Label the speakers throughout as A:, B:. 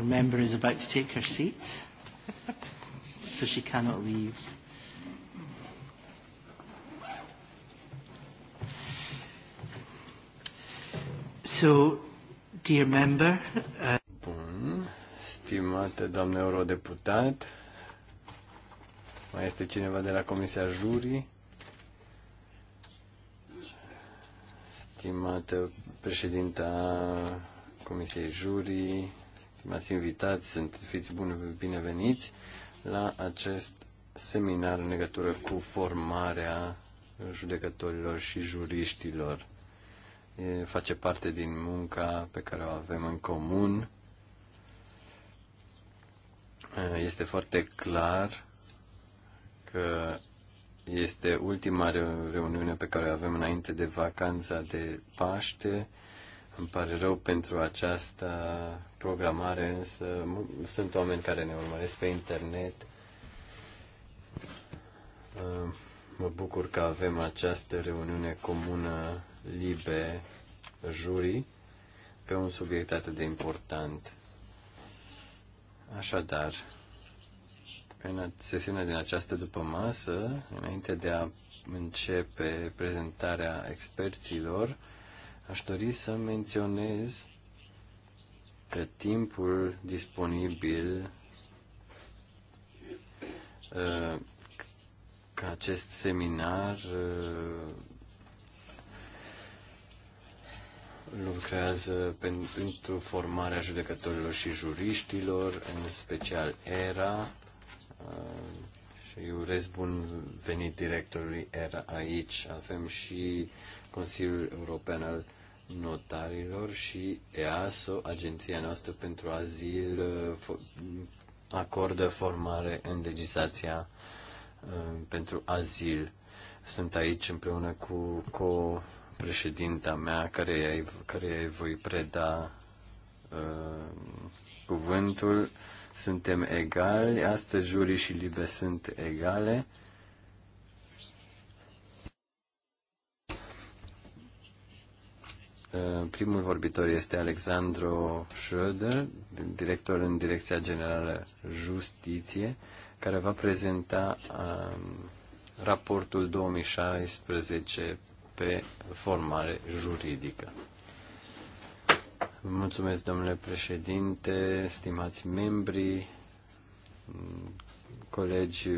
A: Our member is about to take her seat, so she cannot leave.
B: So, dear member, uh... Bun, stimată doamnă eurodeputat, mai este cineva de la Comisia Jurii? Stimată președinta Comisiei Jurii, stimați invitați, sunt, fiți buni, bineveniți la acest seminar în legătură cu formarea judecătorilor și juriștilor. E, face parte din munca pe care o avem în comun. Este foarte clar că este ultima reuniune pe care o avem înainte de vacanța de Paște. Îmi pare rău pentru aceasta programare, însă sunt oameni care ne urmăresc pe internet. Uh, mă bucur că avem această reuniune comună libe jurii pe un subiect atât de important. Așadar, în sesiunea din această după masă, înainte de a începe prezentarea experților, aș dori să menționez că timpul disponibil uh, că acest seminar uh, lucrează pentru formarea judecătorilor și juriștilor, în special ERA. Uh, și urez bun venit directorului ERA aici. Avem și Consiliul European al notarilor și EASO, agenția noastră pentru azil, uh, acordă formare în legislația uh, pentru azil. Sunt aici împreună cu, cu președinta mea, care, care voi preda uh, cuvântul. Suntem egali, astăzi jurii și libe sunt egale Eh, primul vorbitor este Alexandru Schröder, director în Direcția Generală Justiție, care va prezenta ehm, raportul 2016 pe formare juridică. Mulțumesc, domnule președinte, stimați membri, colegi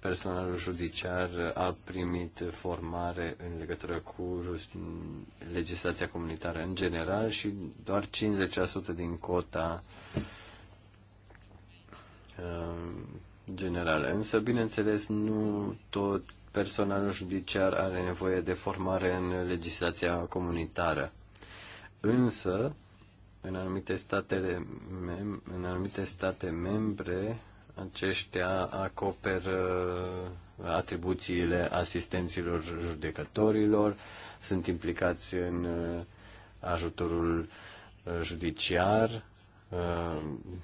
B: Personalul judiciar a primit formare în legătură cu legislația comunitară în general și doar 50% din cota um, generală. Însă, bineînțeles, nu tot personalul judiciar are nevoie de formare în legislația comunitară. Însă, în anumite, mem- în anumite state membre, aceștia acoperă atribuțiile asistenților judecătorilor, sunt implicați în uh, ajutorul uh, judiciar, uh,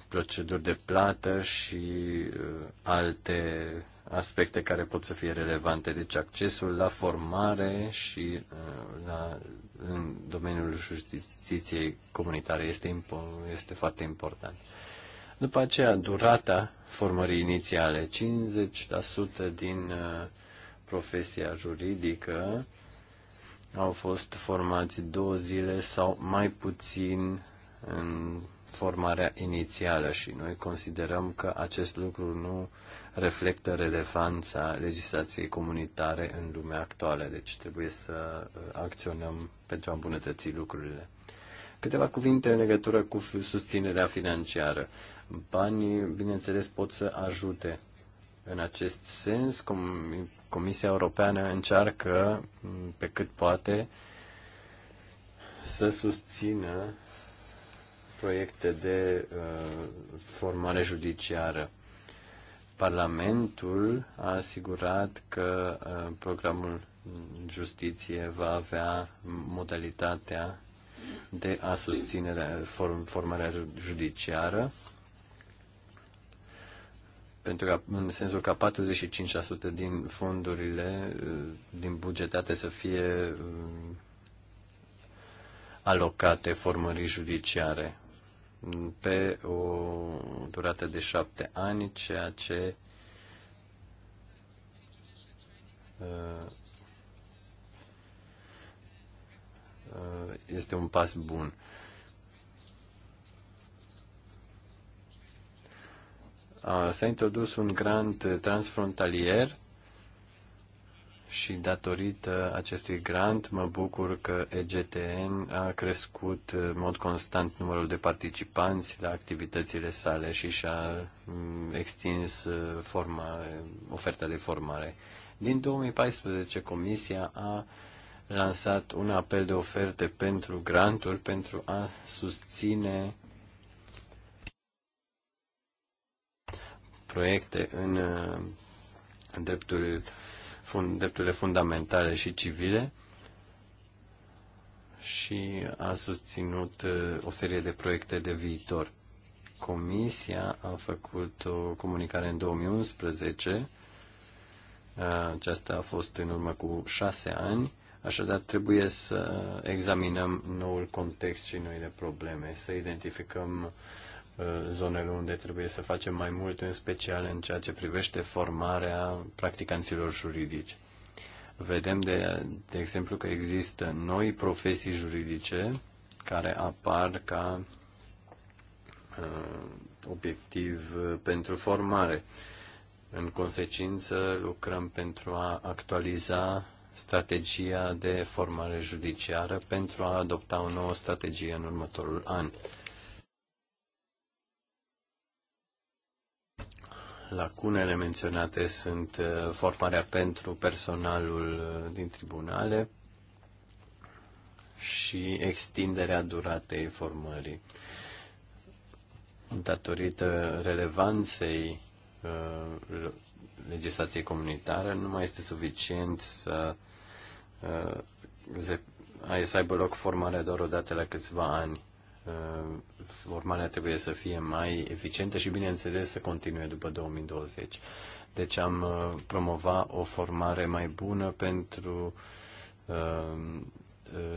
B: proceduri de plată și alte aspecte care pot să fie relevante. Deci accesul la formare și la, în domeniul justiției comunitare este, este foarte important. După aceea, durata formării inițiale, 50% din uh, profesia juridică au fost formați două zile sau mai puțin în formarea inițială și noi considerăm că acest lucru nu reflectă relevanța legislației comunitare în lumea actuală, deci trebuie să uh, acționăm pentru a îmbunătăți lucrurile. Câteva cuvinte în legătură cu susținerea financiară. Banii, bineînțeles, pot să ajute. În acest sens, Comisia Europeană încearcă, mm, pe cât poate, să susțină proiecte de uh, formare judiciară. Parlamentul a asigurat că uh, programul justiție va avea modalitatea de a susține form, formarea judiciară pentru că în sensul ca 45% din fondurile uh, din bugetate să fie uh, alocate formării judiciare pe o durată de șapte ani, ceea ce uh, este un pas bun. s-a introdus un grant transfrontalier și datorită acestui grant mă bucur că EGTN a crescut în mod constant numărul de participanți la activitățile sale și și-a mm, extins uh, forma, oferta de formare. Din 2014, Comisia a lansat un apel de oferte pentru granturi pentru a susține proiecte în, în uh, dreptul, fund, drepturile fundamentale și civile și a susținut uh, o serie de proiecte de viitor. Comisia a făcut o comunicare în 2011, uh, aceasta a fost în urmă cu șase ani, așadar trebuie să examinăm noul context și noile probleme, să identificăm uh, Uh, zonele unde trebuie să facem mai mult, în special în ceea ce privește formarea practicanților juridici. Vedem, de, de exemplu, că există noi profesii juridice care apar ca uh, obiectiv pentru formare. În consecință, lucrăm pentru a actualiza strategia de formare judiciară pentru a adopta o nouă strategie în următorul an. lacunele menționate sunt uh, formarea pentru personalul uh, din tribunale și extinderea duratei formării. Datorită relevanței uh, legislației comunitare, nu mai este suficient să, să aibă loc formarea doar o dată la câțiva ani formarea uh, trebuie să fie mai eficientă și, bineînțeles, să continue după 2020. Deci am uh, promova o formare mai bună pentru uh,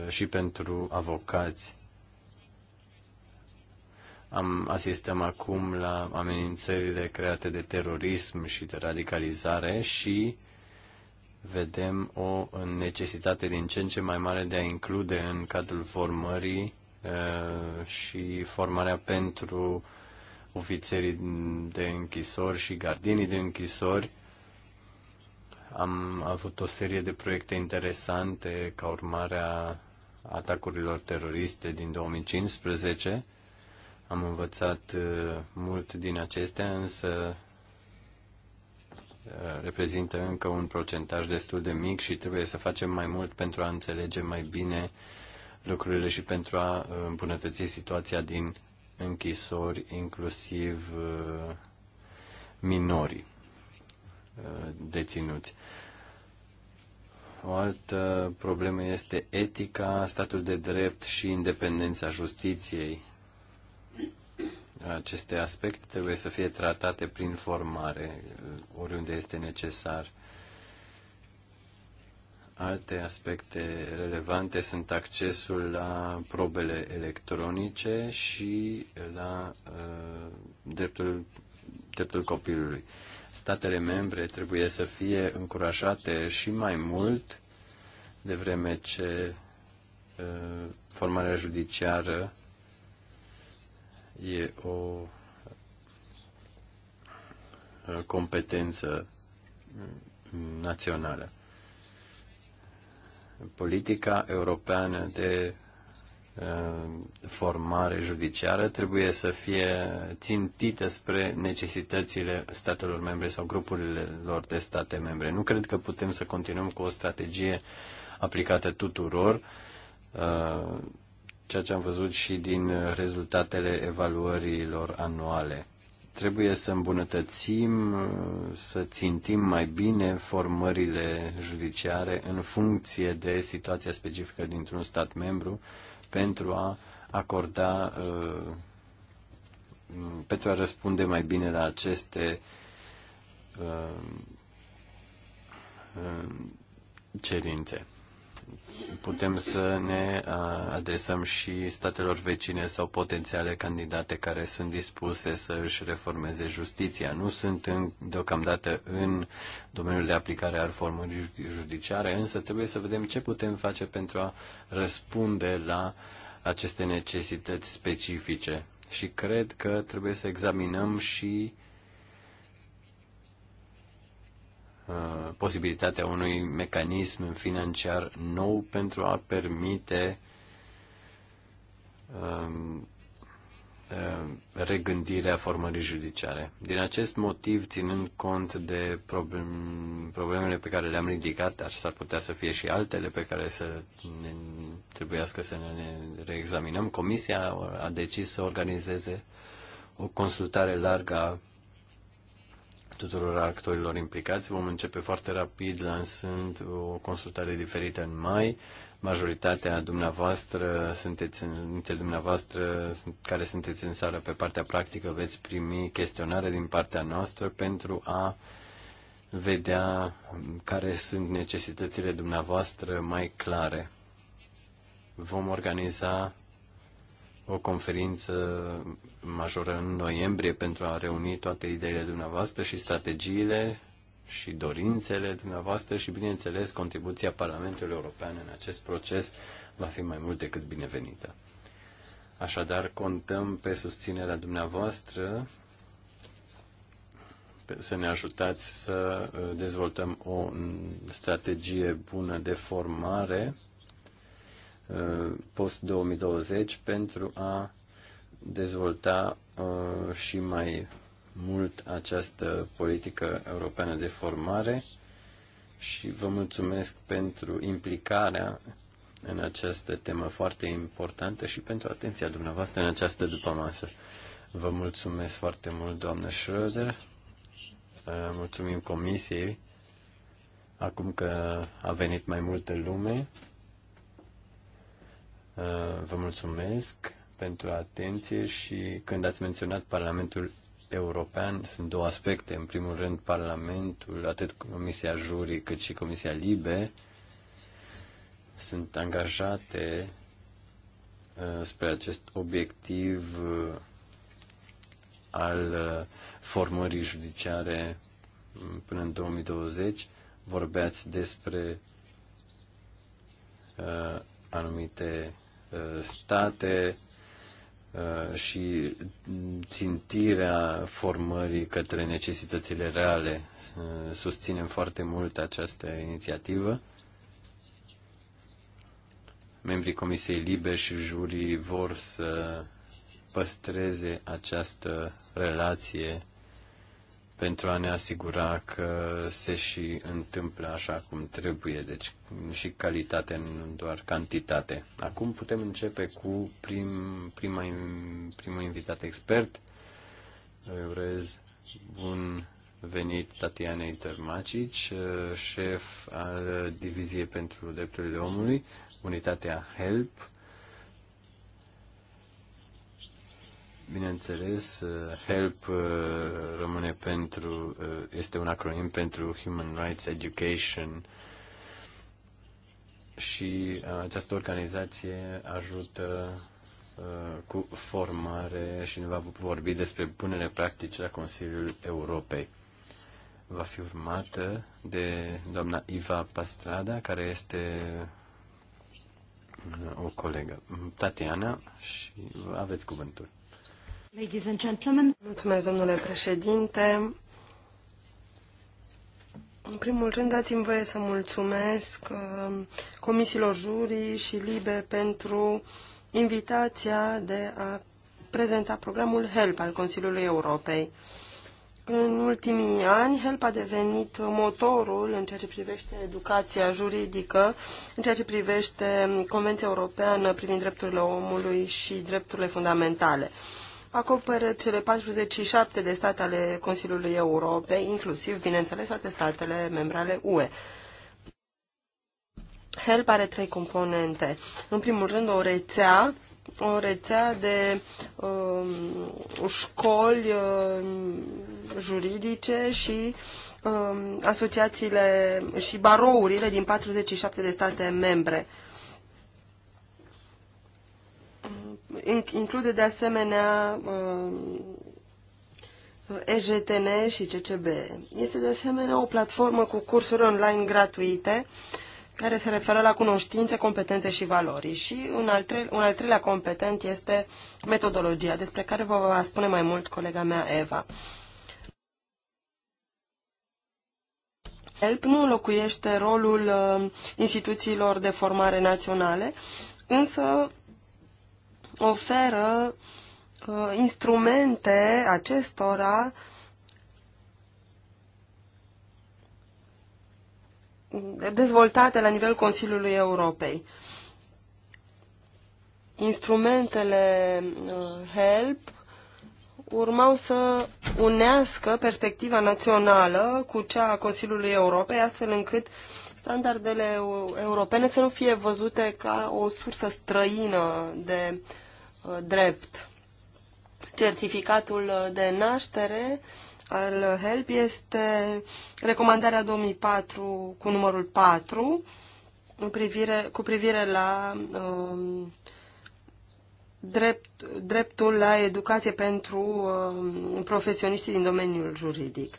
B: și pentru avocați. Am, asistăm acum la amenințările create de terorism și de radicalizare și vedem o necesitate din ce în ce mai mare de a include în cadrul formării Eh, și formarea pentru ofițerii de închisori și gardinii de închisori. Am avut o serie de proiecte interesante ca urmare a atacurilor teroriste din 2015. Am învățat eh, mult din acestea, însă eh, reprezintă încă un procentaj destul de mic și trebuie să facem mai mult pentru a înțelege mai bine uh, lucrurile și pentru a uh, îmbunătăți situația din închisori, inclusiv uh, minorii uh, deținuți. O altă problemă este etica, statul de drept și independența justiției. Aceste aspecte trebuie să fie tratate prin formare, oriunde este necesar. Alte aspecte relevante sunt accesul la probele electronice și la uh, dreptul, dreptul copilului. Statele membre trebuie să fie încurajate și mai mult de vreme ce uh, formarea judiciară e o uh, competență uh, națională politica europeană de uh, formare judiciară trebuie să fie țintită spre necesitățile statelor membre sau grupurile lor de state membre. Nu cred că putem să continuăm cu o strategie aplicată tuturor, uh, ceea ce am văzut și din rezultatele evaluărilor anuale. Trebuie să îmbunătățim, să țintim mai bine formările judiciare în funcție de situația specifică dintr-un stat membru pentru a acorda, uh, pentru a răspunde mai bine la aceste uh, uh, cerințe putem să ne adresăm și statelor vecine sau potențiale candidate care sunt dispuse să își reformeze justiția. Nu sunt în, deocamdată în domeniul de aplicare al formării judiciare, însă trebuie să vedem ce putem face pentru a răspunde la aceste necesități specifice. Și cred că trebuie să examinăm și Uh, posibilitatea unui mecanism financiar nou pentru a permite um, uh, regândirea formării judiciare. Din acest motiv, ținând cont de problemele pe care le-am ridicat, dar s-ar putea să fie și altele pe care să ne, trebuiască să ne reexaminăm, Comisia a decis să organizeze o consultare largă a tuturor actorilor implicați. Vom începe foarte rapid lansând o consultare diferită în mai. Majoritatea dumneavoastră, sunteți în, dintre dumneavoastră care sunteți în sală pe partea practică, veți primi chestionare din partea noastră pentru a vedea care sunt necesitățile dumneavoastră mai clare. Vom organiza o conferință majoră în noiembrie pentru a reuni toate ideile dumneavoastră și strategiile și dorințele dumneavoastră și, bineînțeles, contribuția Parlamentului European în acest proces va fi mai mult decât binevenită. Așadar, contăm pe susținerea dumneavoastră să ne ajutați să uh, dezvoltăm o strategie bună de formare uh, post-2020 pentru a dezvolta uh, și mai mult această politică europeană de formare și vă mulțumesc pentru implicarea în această temă foarte importantă și pentru atenția dumneavoastră în această dupămasă. Vă mulțumesc foarte mult, doamnă Schröder. Uh, mulțumim comisiei. Acum că a venit mai multă lume, uh, vă mulțumesc pentru atenție și când ați menționat Parlamentul European, sunt două aspecte. În primul rând, Parlamentul, atât Comisia Jurii cât și Comisia Libe, sunt angajate uh, spre acest obiectiv uh, al uh, formării judiciare până în 2020. Vorbeați despre anumite state Uh, și țintirea formării către necesitățile reale. Uh, susținem foarte mult această inițiativă. Membrii Comisiei Libe și jurii vor să păstreze această relație pentru a ne asigura că se și întâmplă așa cum trebuie, deci și calitate, nu doar cantitate. Acum putem începe cu prim, prima, primul invitat expert. Îi urez bun venit Tatianei Tărmacici, șef al Diviziei pentru Drepturile Omului, unitatea HELP, Bineînțeles, uh, HELP uh, rămâne pentru, uh, este un acronim pentru Human Rights Education și această organizație ajută cu formare și ne va vorbi despre bunele practici la Consiliul Europei. Va fi urmată de doamna Iva Pastrada, care este o colegă. Tatiana, și aveți cuvântul.
A: Ladies and gentlemen.
C: Mulțumesc, domnule președinte. În primul rând, dați-mi voie să mulțumesc uh, comisiilor jurii și LIBE pentru invitația de a prezenta programul HELP al Consiliului Europei. În ultimii ani, HELP a devenit motorul în ceea ce privește educația juridică, în ceea ce privește Convenția Europeană privind drepturile omului și drepturile fundamentale acoperă cele 47 de state ale Consiliului Europei, inclusiv, bineînțeles, toate statele membre ale UE. HELP are trei componente. În primul rând, o rețea, o rețea de um, școli um, juridice și um, asociațiile și barourile din 47 de state membre. Uh, include de asemenea uh, EJTN și CCB. Este de asemenea o platformă cu cursuri online gratuite care se referă la cunoștințe, competențe și valori. Și un al, tre- un al treilea competent este metodologia, despre care vă va spune mai mult colega mea Eva. HELP nu înlocuiește rolul uh, instituțiilor de formare naționale, însă oferă uh, instrumente acestora dezvoltate la nivel Consiliului Europei. Instrumentele uh, HELP urmau să unească perspectiva națională cu cea a Consiliului Europei, astfel încât standardele europene să nu fie văzute ca o sursă străină de uh, Uh, drept. Certificatul de naștere al HELP este recomandarea 2004 cu numărul 4 în privire, cu privire la um, drept, dreptul la educație pentru um, profesioniștii din domeniul juridic.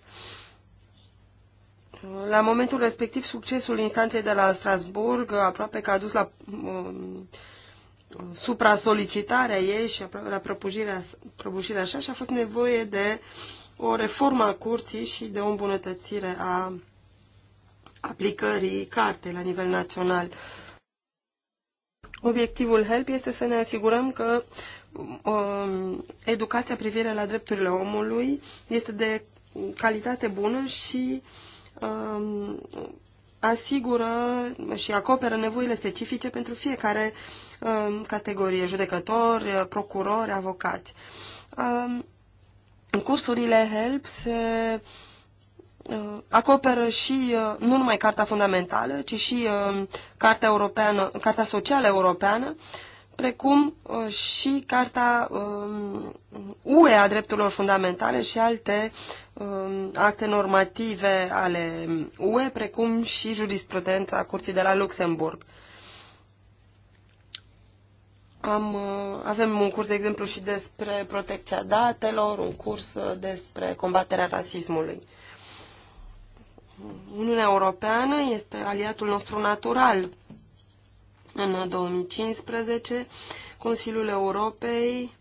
C: La momentul respectiv, succesul instanței de la Strasburg aproape că a dus la um, supra-solicitarea ei și la prăbușirea, prăbușirea așa și a fost nevoie de o reformă a curții și de o îmbunătățire a aplicării cartei la nivel național. Obiectivul HELP este să ne asigurăm că um, educația privire la drepturile omului este de calitate bună și um, asigură și acoperă nevoile specifice pentru fiecare categorie, judecători, procurori, avocați. În cursurile HELP se uh, acoperă și uh, nu numai Carta Fundamentală, ci și uh, Carta, Europeană, Carta Socială Europeană, precum și Carta um, UE a Drepturilor Fundamentale și alte um, acte normative ale um, UE, precum și jurisprudența Curții de la Luxemburg. Am, uh, avem un curs, de exemplu, și despre protecția datelor, un curs uh, despre combaterea rasismului. Uniunea Europeană este aliatul nostru natural. În 2015, Consiliul Europei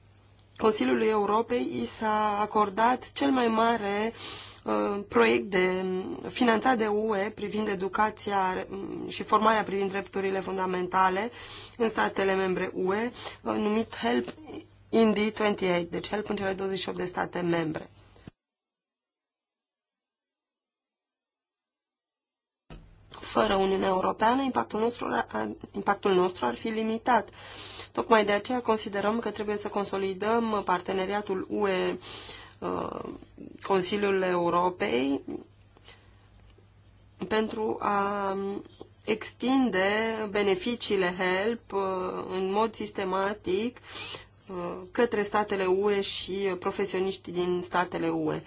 C: Consiliului Europei i s-a acordat cel mai mare Uh, proiect de, um, finanțat de UE privind educația um, și formarea privind drepturile fundamentale în statele membre UE, uh, numit HELP in the 28, deci HELP în cele 28 de state membre. Fără Uniunea Europeană, impactul nostru, ar, impactul nostru ar fi limitat. Tocmai de aceea considerăm că trebuie să consolidăm uh, parteneriatul UE Uh, Consiliul Europei pentru a um, extinde beneficiile HELP uh, în mod sistematic uh, către statele UE și profesioniștii din statele UE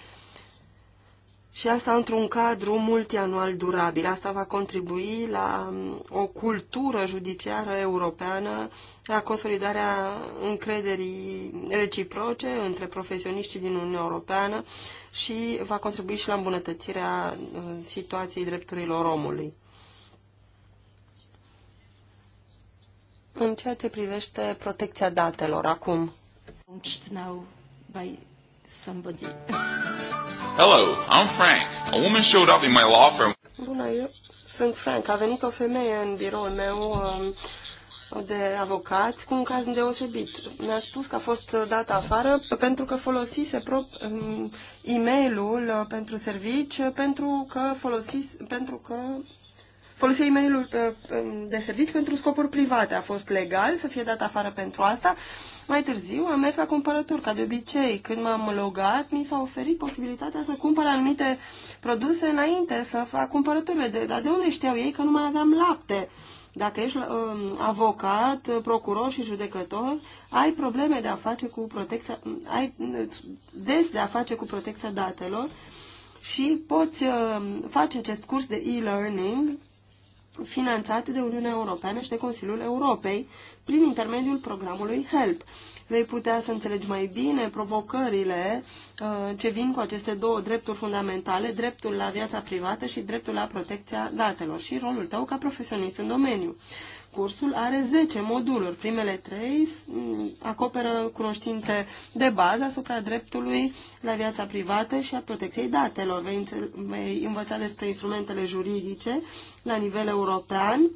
C: și asta într-un cadru multianual durabil. Asta va contribui la um, o cultură judiciară europeană, la consolidarea încrederii reciproce între profesioniștii din Uniunea Europeană și va contribui și la îmbunătățirea uh, situației drepturilor omului. În ceea ce privește protecția datelor acum. by somebody. Hello, I'm Frank. A woman showed up in my law firm. Bună, eu sunt Frank. A venit o femeie în biroul meu um, de avocați cu un caz deosebit. Mi-a spus că a fost dată afară pentru că folosise prop um, e-mailul uh, pentru servici, pentru că, folosise, pentru că folosea e mail uh, um, de servici pentru scopuri private. A fost legal să fie dat afară pentru asta. Mai târziu am mers la cumpărături, ca de obicei. Când m-am logat, mi s-a oferit posibilitatea să cumpăr anumite produse înainte să fac cumpărăturile. De, dar de unde știau ei că nu mai aveam lapte? Dacă ești um, avocat, procuror și judecător, ai probleme de a face cu protecția, ai des de a face cu protecția datelor și poți uh, face acest curs de e-learning finanțat de Uniunea Europeană și de Consiliul Europei prin intermediul programului HELP. Vei putea să înțelegi mai bine provocările uh, ce vin cu aceste două drepturi fundamentale, dreptul la viața privată și dreptul la protecția datelor și rolul tău ca profesionist în domeniu. Cursul are 10 moduluri. Primele 3 mm, acoperă cunoștințe de bază asupra dreptului la viața privată și a protecției datelor. Vei învăța despre instrumentele juridice la nivel european,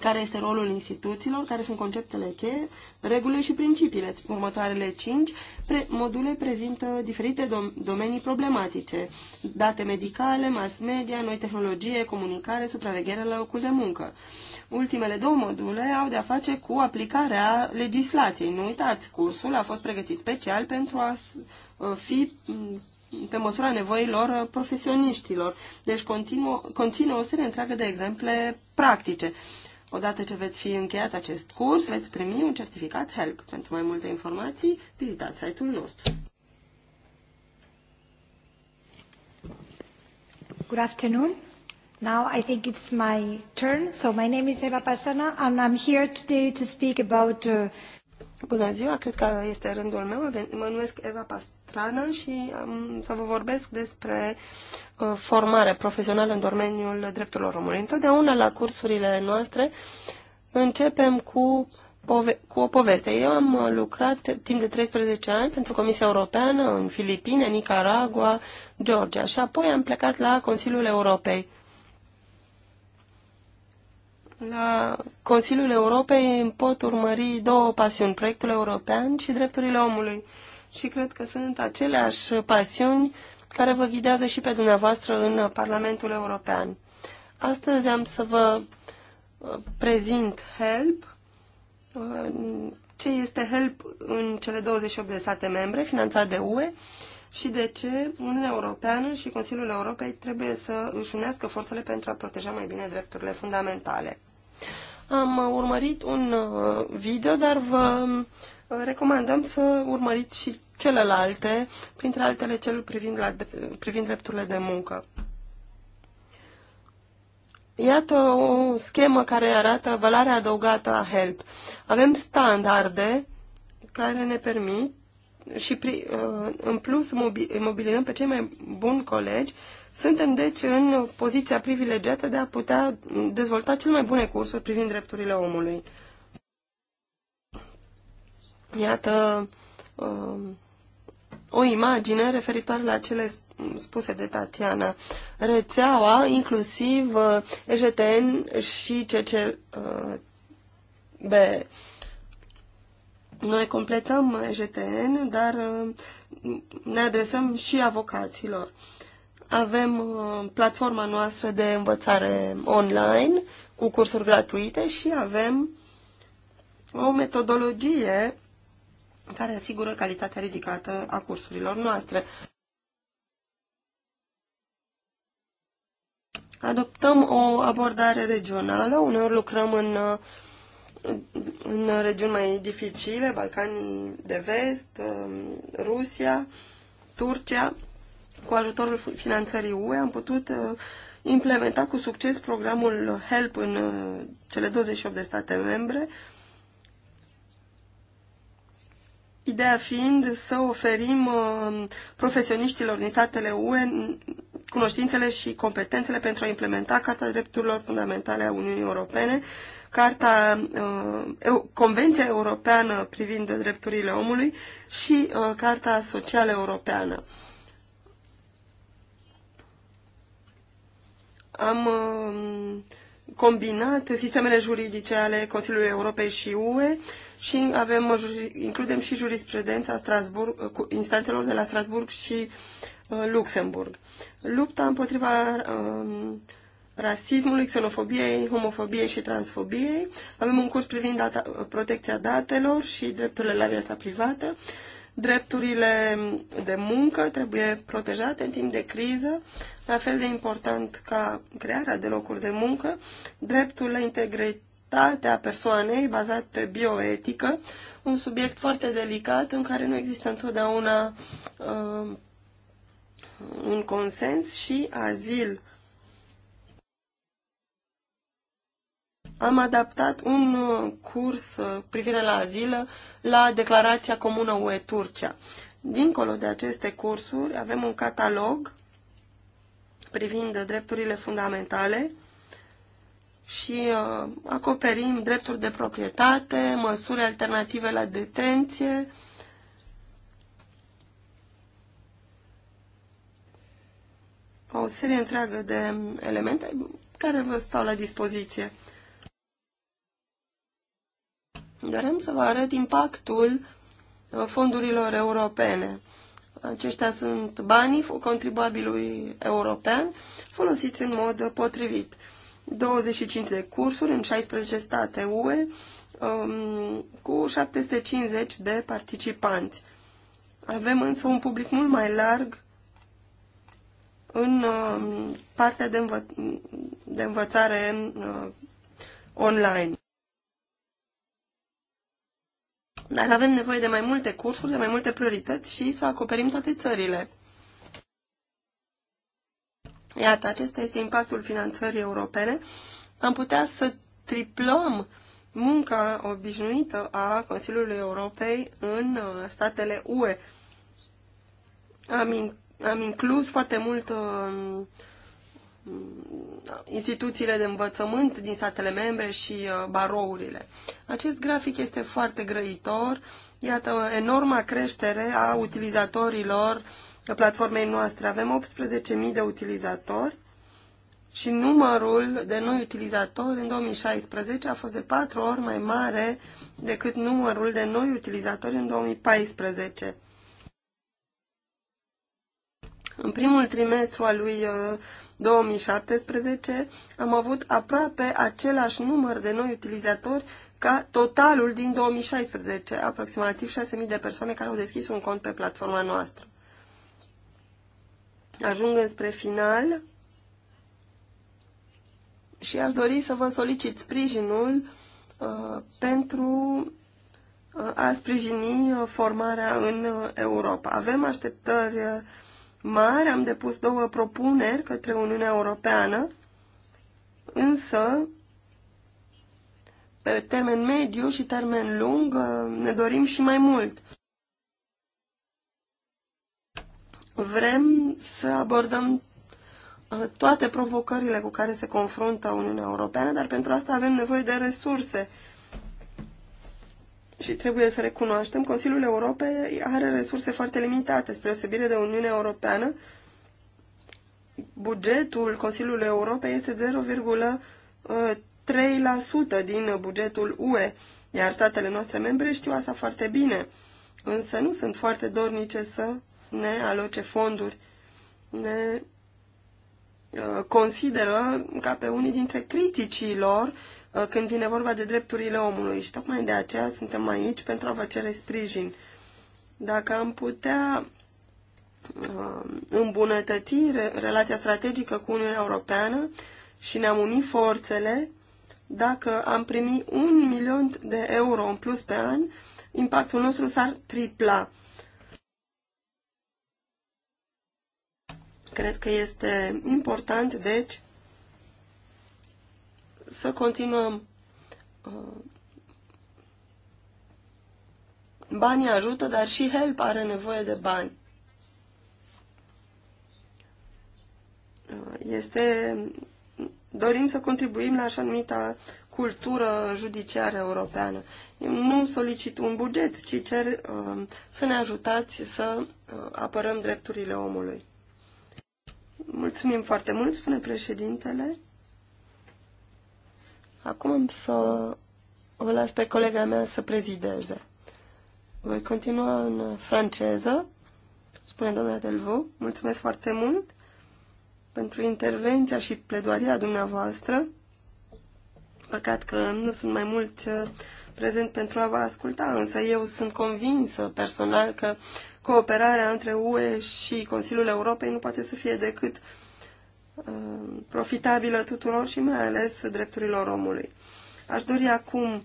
C: care este rolul instituțiilor, care sunt conceptele cheie, regulile și principiile. Următoarele cinci pre module prezintă diferite dom- domenii problematice, date medicale, mass media, noi tehnologie, comunicare, supraveghere la locul de muncă. Ultimele două module au de-a face cu aplicarea legislației. Nu uitați, cursul a fost pregătit special pentru a uh, fi mm, pe măsura nevoilor uh, profesioniștilor. Deci continuă, conține o serie întreagă de exemple practice. Odată ce veți fi încheiat acest curs, veți primi un certificat HELP. Pentru mai multe informații, vizitați site-ul nostru.
A: Good afternoon. Now I think it's my turn. So my name is Eva Pastana and I'm here today to speak
C: about uh... Bună ziua, cred că este rândul meu. Mă numesc Eva Pastrană și am să vă vorbesc despre uh, formare profesională în domeniul drepturilor omului. Întotdeauna la cursurile noastre începem cu, pove- cu o poveste. Eu am lucrat timp de 13 ani pentru Comisia Europeană în Filipine, Nicaragua, Georgia și apoi am plecat la Consiliul Europei la Consiliul Europei pot urmări două pasiuni, proiectul european și drepturile omului. Și cred că sunt aceleași pasiuni care vă ghidează și pe dumneavoastră în Parlamentul European. Astăzi am să vă uh, prezint HELP, uh, ce este HELP în cele 28 de state membre, finanțat de UE, și de ce Uniunea Europeană și Consiliul Europei trebuie să își unească forțele pentru a proteja mai bine drepturile fundamentale. Am uh, urmărit un uh, video, dar vă uh, recomandăm să urmăriți și celelalte, printre altele cel privind, la, privind drepturile de muncă. Iată o schemă care arată valoarea adăugată a HELP. Avem standarde care ne permit și pri, în plus mobilizăm pe cei mai buni colegi suntem, deci, în poziția privilegiată de a putea dezvolta cel mai bune cursuri privind drepturile omului. Iată um, o imagine referitoare la cele spuse de Tatiana. Rețeaua, inclusiv uh, EJTN și CCB. Noi completăm EJTN, dar uh, ne adresăm și avocaților. Avem uh, platforma noastră de învățare online cu cursuri gratuite și avem o metodologie care asigură calitatea ridicată a cursurilor noastre. Adoptăm o abordare regională, uneori lucrăm în, uh, în regiuni mai dificile, Balcanii de Vest, uh, Rusia, Turcia, cu ajutorul finanțării UE am putut uh, implementa cu succes programul HELP în uh, cele 28 de state membre, ideea fiind să oferim uh, profesioniștilor din statele UE cunoștințele și competențele pentru a implementa Carta Drepturilor Fundamentale a Uniunii Europene, Carta, Convenția Europeană privind drepturile omului și Carta Socială Europeană. am um, combinat sistemele juridice ale Consiliului Europei și UE și avem, includem și jurisprudența Strasburg, cu instanțelor de la Strasburg și uh, Luxemburg. Lupta împotriva um, rasismului, xenofobiei, homofobiei și transfobiei. Avem un curs privind data, protecția datelor și drepturile la viața privată Drepturile de muncă trebuie protejate în timp de criză, la fel de important ca crearea de locuri de muncă, dreptul la integritatea persoanei bazat pe bioetică, un subiect foarte delicat în care nu există întotdeauna uh, un consens și azil am adaptat un uh, curs uh, privire la azilă uh, la Declarația Comună UE-Turcia. Dincolo de aceste cursuri, avem un catalog privind drepturile fundamentale și uh, acoperim drepturi de proprietate, măsuri alternative la detenție, o serie întreagă de elemente care vă stau la dispoziție. Dorem să vă arăt impactul uh, fondurilor europene. Aceștia sunt banii contribuabilului european folosiți în mod potrivit. 25 de cursuri în 16 state UE um, cu 750 de participanți. Avem însă un public mult mai larg în um, partea de, învă- de învățare uh, online. Dar avem nevoie de mai multe cursuri, de mai multe priorități și să acoperim toate țările. Iată, acesta este impactul finanțării europene. Am putea să triplăm munca obișnuită a Consiliului Europei în uh, statele UE. Am, in, am inclus foarte mult uh, Mm, instituțiile de învățământ din statele membre și uh, barourile. Acest grafic este foarte grăitor. Iată enorma creștere a utilizatorilor platformei noastre. Avem 18.000 de utilizatori și numărul de noi utilizatori în 2016 a fost de patru ori mai mare decât numărul de noi utilizatori în 2014. În primul trimestru al lui uh, 2017 am avut aproape același număr de noi utilizatori ca totalul din 2016, aproximativ 6.000 de persoane care au deschis un cont pe platforma noastră. Ajung spre final și aș dori să vă solicit sprijinul uh, pentru uh, a sprijini uh, formarea în uh, Europa. Avem așteptări mari, am depus două propuneri către Uniunea Europeană, însă pe termen mediu și termen lung ne dorim și mai mult. Vrem să abordăm uh, toate provocările cu care se confruntă Uniunea Europeană, dar pentru asta avem nevoie de resurse și trebuie să recunoaștem, Consiliul Europei are resurse foarte limitate, spre osebire de Uniunea Europeană. Bugetul Consiliului Europei este 0,3% uh, din bugetul UE, iar statele noastre membre știu asta foarte bine, însă nu sunt foarte dornice să ne aloce fonduri. Ne uh, consideră ca pe unii dintre criticii lor Uh, când vine vorba de drepturile omului. Și tocmai de aceea suntem aici pentru a vă cere sprijin. Dacă am putea uh, îmbunătăți relația strategică cu Uniunea Europeană și ne-am unit forțele, dacă am primi un milion de euro în plus pe an, impactul nostru s-ar tripla. Cred că este important, deci, să continuăm. Uh, banii ajută, dar și HELP are nevoie de bani. Uh, este, dorim să contribuim la așa numita cultură judiciară europeană. nu solicit un buget, ci cer uh, să ne ajutați să uh, apărăm drepturile omului. Mulțumim foarte mult, spune președintele. Acum am să o las pe colega mea să prezideze. Voi continua în franceză, spune doamna Delvaux. Mulțumesc foarte mult pentru intervenția și pledoaria dumneavoastră. Păcat că nu sunt mai mulți uh, prezent pentru a vă asculta, însă eu sunt convinsă personal că cooperarea între UE și Consiliul Europei nu poate să fie decât uh, Uh, profitabilă tuturor și mai ales drepturilor omului. Aș dori acum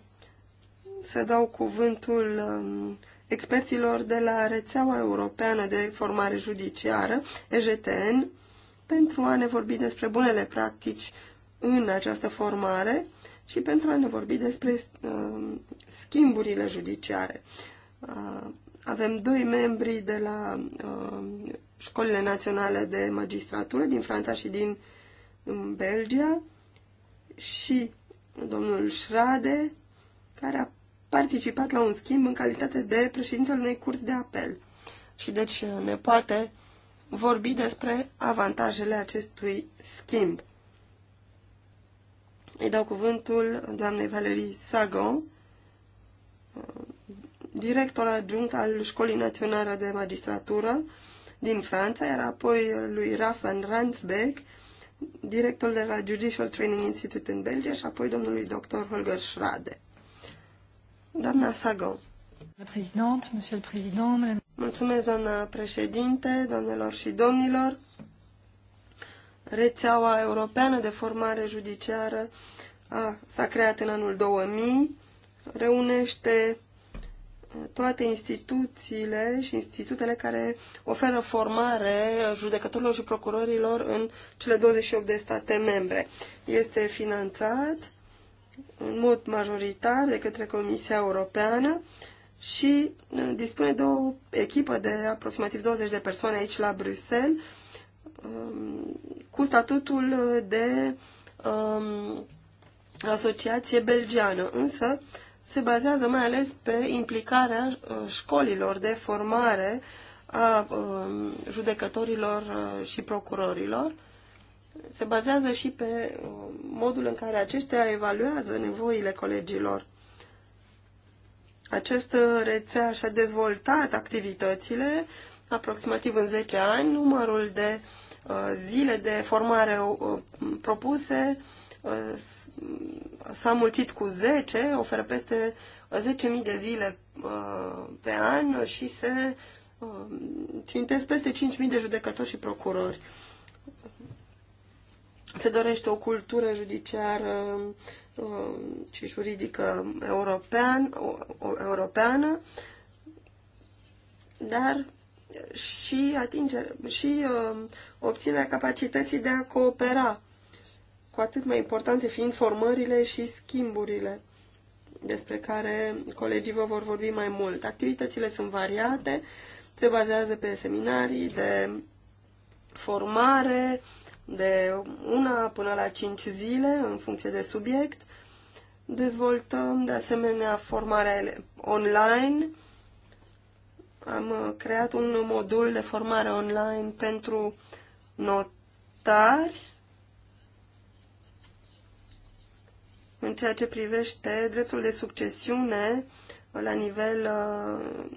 C: să dau cuvântul um, experților de la Rețeaua Europeană de Formare Judiciară, EJTN, pentru a ne vorbi despre bunele practici în această formare și pentru a ne vorbi despre um, schimburile judiciare. Uh, avem doi membri de la um, școlile naționale de magistratură din Franța și din Belgia și domnul Schrade, care a participat la un schimb în calitate de președintele unei curs de apel. Și deci uh, ne poate vorbi despre avantajele acestui schimb. Îi dau cuvântul doamnei Valerie Sagon, uh, director adjunct al Școlii Naționale de Magistratură din Franța, iar apoi lui Raffan Ransbeck, directorul de la Judicial Training Institute în Belgia și apoi domnului dr. Holger Schrade. Doamna Sagon. Mulțumesc, doamna președinte, doamnelor și domnilor. Rețeaua europeană de formare judiciară s-a creat în anul 2000, reunește toate instituțiile și institutele care oferă formare judecătorilor și procurorilor în cele 28 de state membre. Este finanțat în mod majoritar de către Comisia Europeană și uh, dispune de o echipă de aproximativ 20 de persoane aici la Bruxelles um, cu statutul de um, asociație belgiană. Însă, se bazează mai ales pe implicarea uh, școlilor de formare a um, judecătorilor uh, și procurorilor. Se bazează și pe uh, modul în care aceștia evaluează nevoile colegilor. Această rețea și-a dezvoltat activitățile aproximativ în 10 ani. Numărul de zile de formare propuse Uh, s-a mulțit cu 10, oferă peste 10.000 de zile uh, pe an și se uh, țintesc peste 5.000 de judecători și procurori. Se dorește o cultură judiciară și juridică european, europeană, dar și, atinge, și obținerea capacității de a coopera cu atât mai importante fiind formările și schimburile despre care colegii vă vor vorbi mai mult. Activitățile sunt variate, se bazează pe seminarii de formare de una până la cinci zile în funcție de subiect. Dezvoltăm de asemenea formarea online. Am uh, creat un modul de formare online pentru notari în ceea ce privește dreptul de succesiune la nivel uh,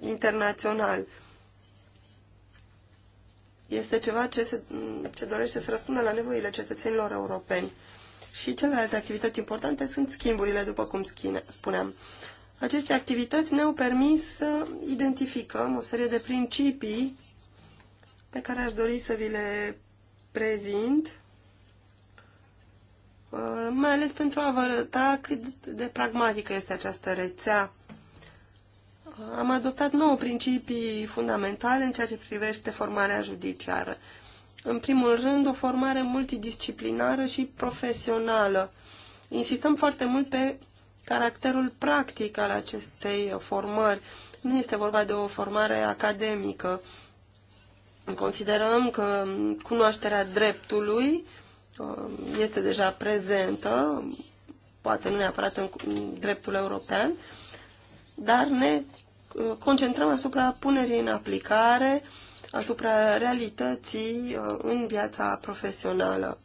C: internațional. Este ceva ce, se, ce dorește să răspundă la nevoile cetățenilor europeni. Și celelalte activități importante sunt schimburile, după cum schine, spuneam. Aceste activități ne-au permis să identificăm o serie de principii pe care aș dori să vi le prezint Uh, mai ales pentru a vă arăta cât de pragmatică este această rețea. Uh, am adoptat nouă principii fundamentale în ceea ce privește formarea judiciară. În primul rând, o formare multidisciplinară și profesională. Insistăm foarte mult pe caracterul practic al acestei formări. Nu este vorba de o formare academică. Considerăm că cunoașterea dreptului Uh, este deja prezentă, poate nu neapărat în dreptul european, dar ne uh, concentrăm asupra punerii în aplicare, asupra realității uh, în viața profesională.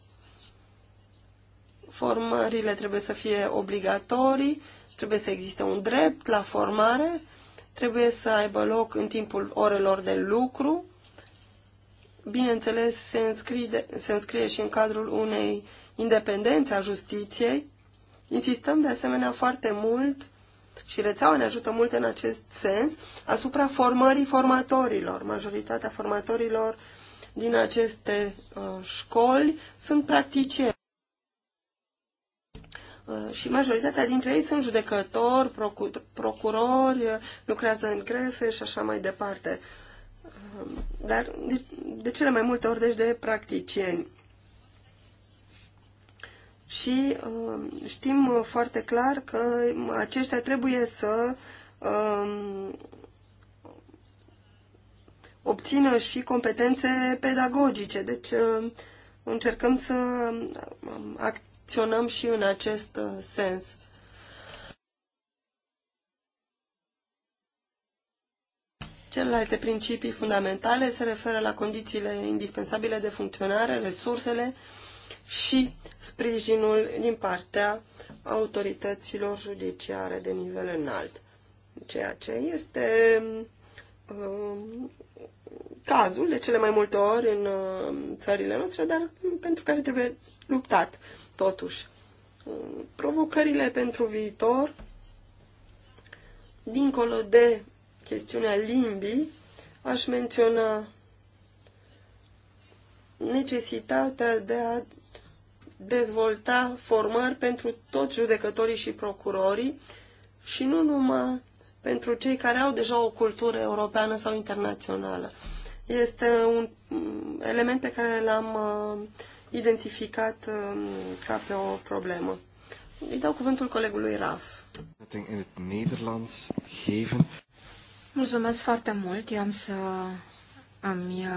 C: Formările trebuie să fie obligatorii, trebuie să existe un drept la formare, trebuie să aibă loc în timpul orelor de lucru, bineînțeles, se înscrie, se înscrie și în cadrul unei independențe a justiției. Insistăm de asemenea foarte mult și rețeaua ne ajută mult în acest sens asupra formării formatorilor. Majoritatea formatorilor din aceste uh, școli sunt practicieni. Uh, și majoritatea dintre ei sunt judecători, procur procurori, uh, lucrează în grefe și așa mai departe. Uh, dar deci, de cele mai multe ori deci de practicieni. Și uh, știm foarte clar că aceștia trebuie să uh, obțină și competențe pedagogice. Deci uh, încercăm să um, acționăm și în acest uh, sens. Celelalte principii fundamentale se referă la condițiile indispensabile de funcționare, resursele și sprijinul din partea autorităților judiciare de nivel înalt, ceea ce este um, cazul de cele mai multe ori în um, țările noastre, dar pentru care trebuie luptat totuși. Um, provocările pentru viitor, dincolo de chestiunea limbii, aș menționa necesitatea de a dezvolta formări pentru toți judecătorii și procurorii și nu numai pentru cei care au deja o cultură europeană sau internațională. Este un element pe care l-am uh, identificat uh, ca pe o problemă. Îi dau cuvântul colegului Raf.
A: Mulțumesc foarte mult. Eu am să îmi uh,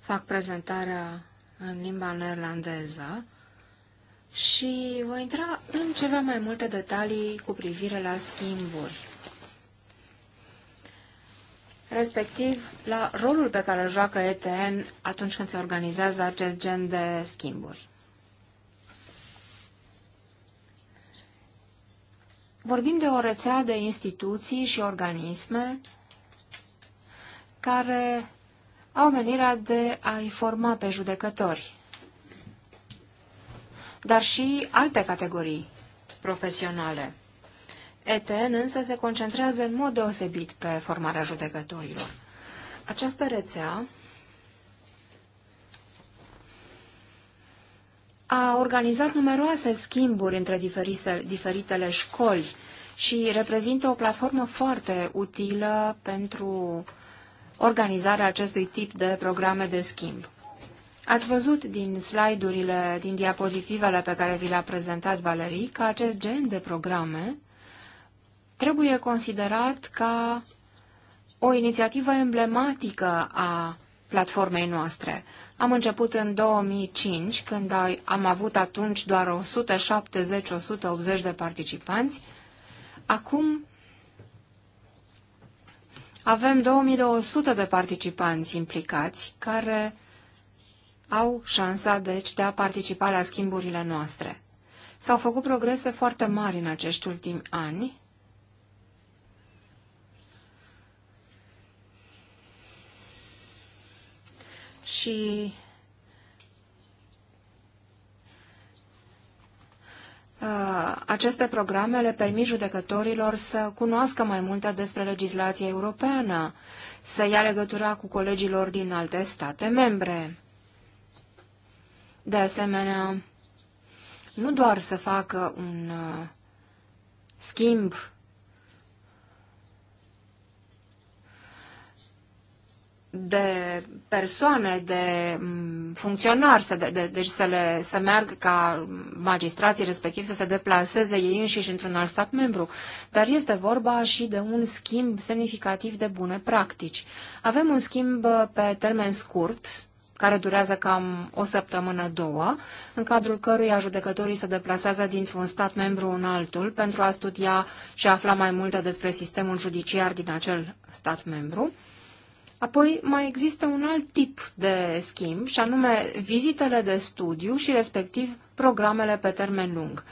A: fac prezentarea în limba neerlandeză și voi intra în ceva mai multe detalii cu privire la schimburi, respectiv la rolul pe care îl joacă ETN atunci când se organizează acest gen de schimburi. Vorbim de o rețea de instituții și organisme care au menirea de a informa pe judecători, dar și alte categorii profesionale. ETN însă se concentrează în mod deosebit pe formarea judecătorilor. Această rețea a organizat numeroase schimburi între diferitele școli și reprezintă o platformă foarte utilă pentru organizarea acestui tip de programe de schimb. Ați văzut din slide-urile, din diapozitivele pe care vi le-a prezentat Valerii, că acest gen de programe trebuie considerat ca o inițiativă emblematică a platformei noastre. Am început în 2005, când am avut atunci doar 170-180 de participanți. Acum avem 2200 de participanți implicați care au șansa, deci, de a participa la schimburile noastre. S-au făcut progrese foarte mari în acești ultimi ani. Și Uh, aceste programe le permit judecătorilor să cunoască mai multe despre legislația europeană, să ia legătura cu colegilor din alte state membre. De asemenea, nu doar să facă un uh, schimb de persoane, de mm, funcționari, să de, de, deci să, le, să meargă ca magistrații respectiv să se deplaseze ei înșiși într-un alt stat membru, dar este vorba și de un schimb semnificativ de bune practici. Avem un schimb uh, pe termen scurt, care durează cam o săptămână, două, în cadrul căruia judecătorii se deplasează dintr-un stat membru în altul pentru a studia și afla mai multe despre sistemul judiciar din acel stat membru. Apoi mai există un alt tip de schimb, și anume vizitele de studiu și respectiv programele pe termen lung.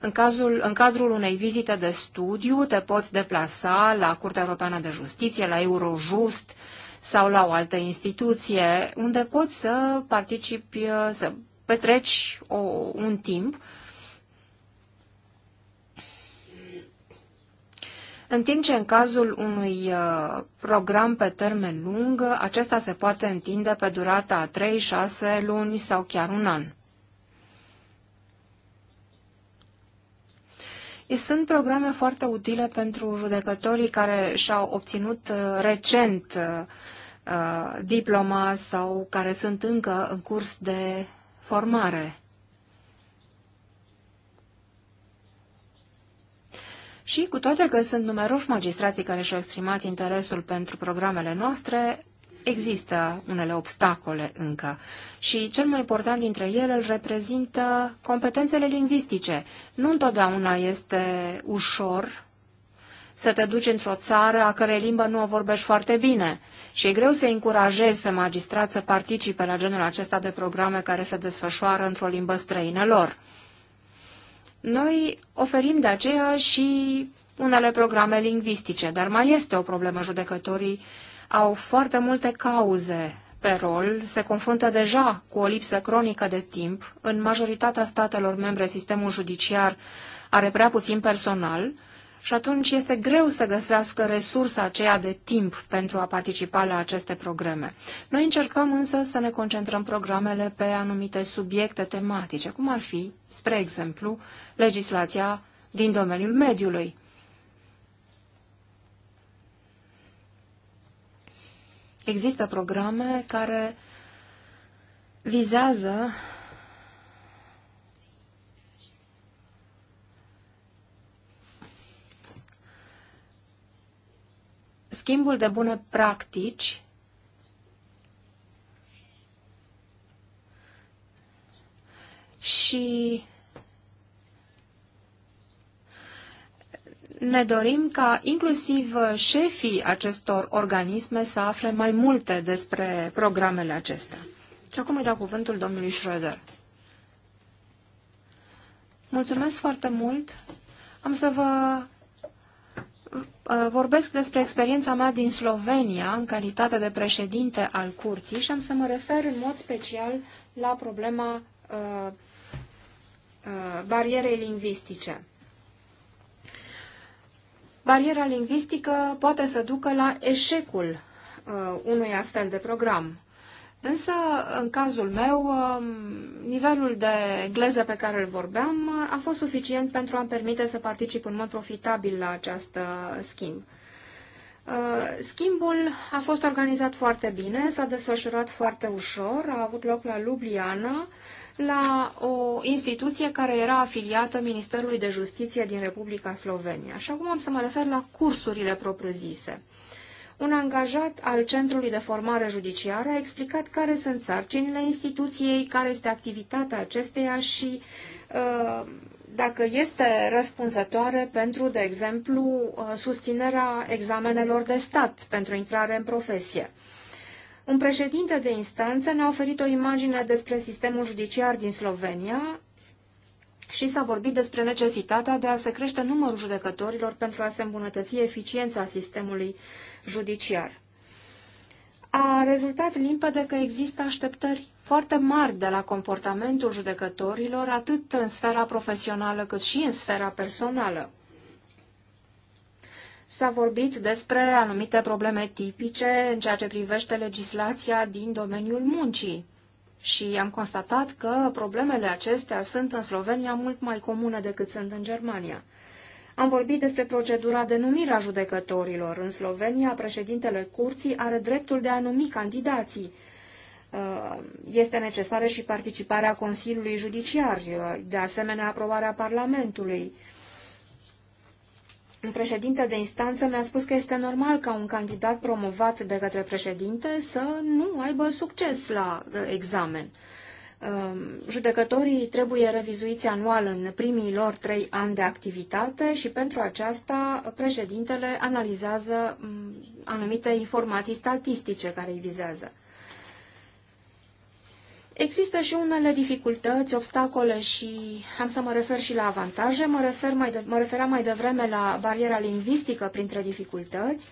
A: În, cazul, în cadrul unei vizite de studiu te poți deplasa la Curtea Europeană de Justiție, la Eurojust sau la o altă instituție unde poți să participi, să petreci o, un timp în timp ce în cazul unui uh, program pe termen lung, acesta se poate întinde pe durata a 3-6 luni sau chiar un an. Sunt programe foarte utile pentru judecătorii care și-au obținut uh, recent uh, diploma sau care sunt încă în curs de formare. Și cu toate că sunt numeroși magistrații care și-au exprimat interesul pentru programele noastre, există unele obstacole încă. Și cel mai important dintre ele îl reprezintă competențele lingvistice. Nu întotdeauna este ușor să te duci într-o țară a cărei limbă nu o vorbești foarte bine. Și e greu să încurajezi pe magistrat să participe la genul acesta de programe care se desfășoară într-o limbă străină lor. Noi oferim de aceea și unele programe lingvistice, dar mai este o problemă. Judecătorii au foarte multe cauze pe rol, se confruntă deja cu o lipsă cronică de timp. În majoritatea statelor membre, sistemul judiciar are prea puțin personal și atunci este greu să găsească resursa aceea de timp pentru a participa la aceste programe. Noi încercăm însă să ne concentrăm programele pe anumite subiecte tematice, cum ar fi, spre exemplu, legislația din domeniul mediului. Există programe care vizează schimbul de bune practici și ne dorim ca inclusiv șefii acestor organisme să afle mai multe despre programele acestea. Și acum îi dau cuvântul domnului Schroeder. Mulțumesc foarte mult. Am să vă Uh, vorbesc despre experiența mea din Slovenia în calitate de președinte al curții și am să mă refer în mod special la problema uh, uh, barierei lingvistice. Bariera lingvistică poate să ducă la eșecul unui astfel de program. Însă, în cazul meu, um, nivelul de engleză pe care îl vorbeam uh, a fost suficient pentru a-mi permite să particip în mod profitabil la acest schimb. Uh, schimbul a fost organizat foarte bine, s-a desfășurat foarte ușor, a avut loc la Ljubljana, la o instituție care era afiliată Ministerului de Justiție din Republica Slovenia. Și acum am să mă refer la cursurile propriu-zise. Uh, un angajat al Centrului de Formare Judiciară a explicat care sunt sarcinile instituției, care este activitatea acesteia și uh, dacă este răspunzătoare pentru, de exemplu, uh, susținerea examenelor de stat pentru intrare în profesie. Un președinte de instanță ne-a oferit o imagine despre sistemul judiciar din Slovenia, și s-a vorbit despre necesitatea de a se crește numărul judecătorilor pentru a se îmbunătăți eficiența sistemului judiciar. A rezultat limpede că există așteptări foarte mari de la comportamentul judecătorilor, atât în sfera profesională cât și în sfera personală. S-a vorbit despre anumite probleme tipice în ceea ce privește legislația din domeniul muncii și am constatat că problemele acestea sunt în Slovenia mult mai comune decât sunt în Germania. Am vorbit despre procedura de numire a judecătorilor. În Slovenia, președintele curții are dreptul de a numi candidații. Uh, este necesară și participarea Consiliului Judiciar, uh, de asemenea aprobarea Parlamentului președinte de instanță mi-a spus că este normal ca un candidat promovat de către președinte să nu aibă succes la uh, examen. Um, judecătorii trebuie revizuiți anual în primii lor trei ani de activitate și pentru aceasta președintele analizează um, anumite informații statistice care îi vizează. Există și unele dificultăți, obstacole și am să mă refer și la avantaje. Mă, refer mai de, mă referam mai devreme la bariera lingvistică printre dificultăți.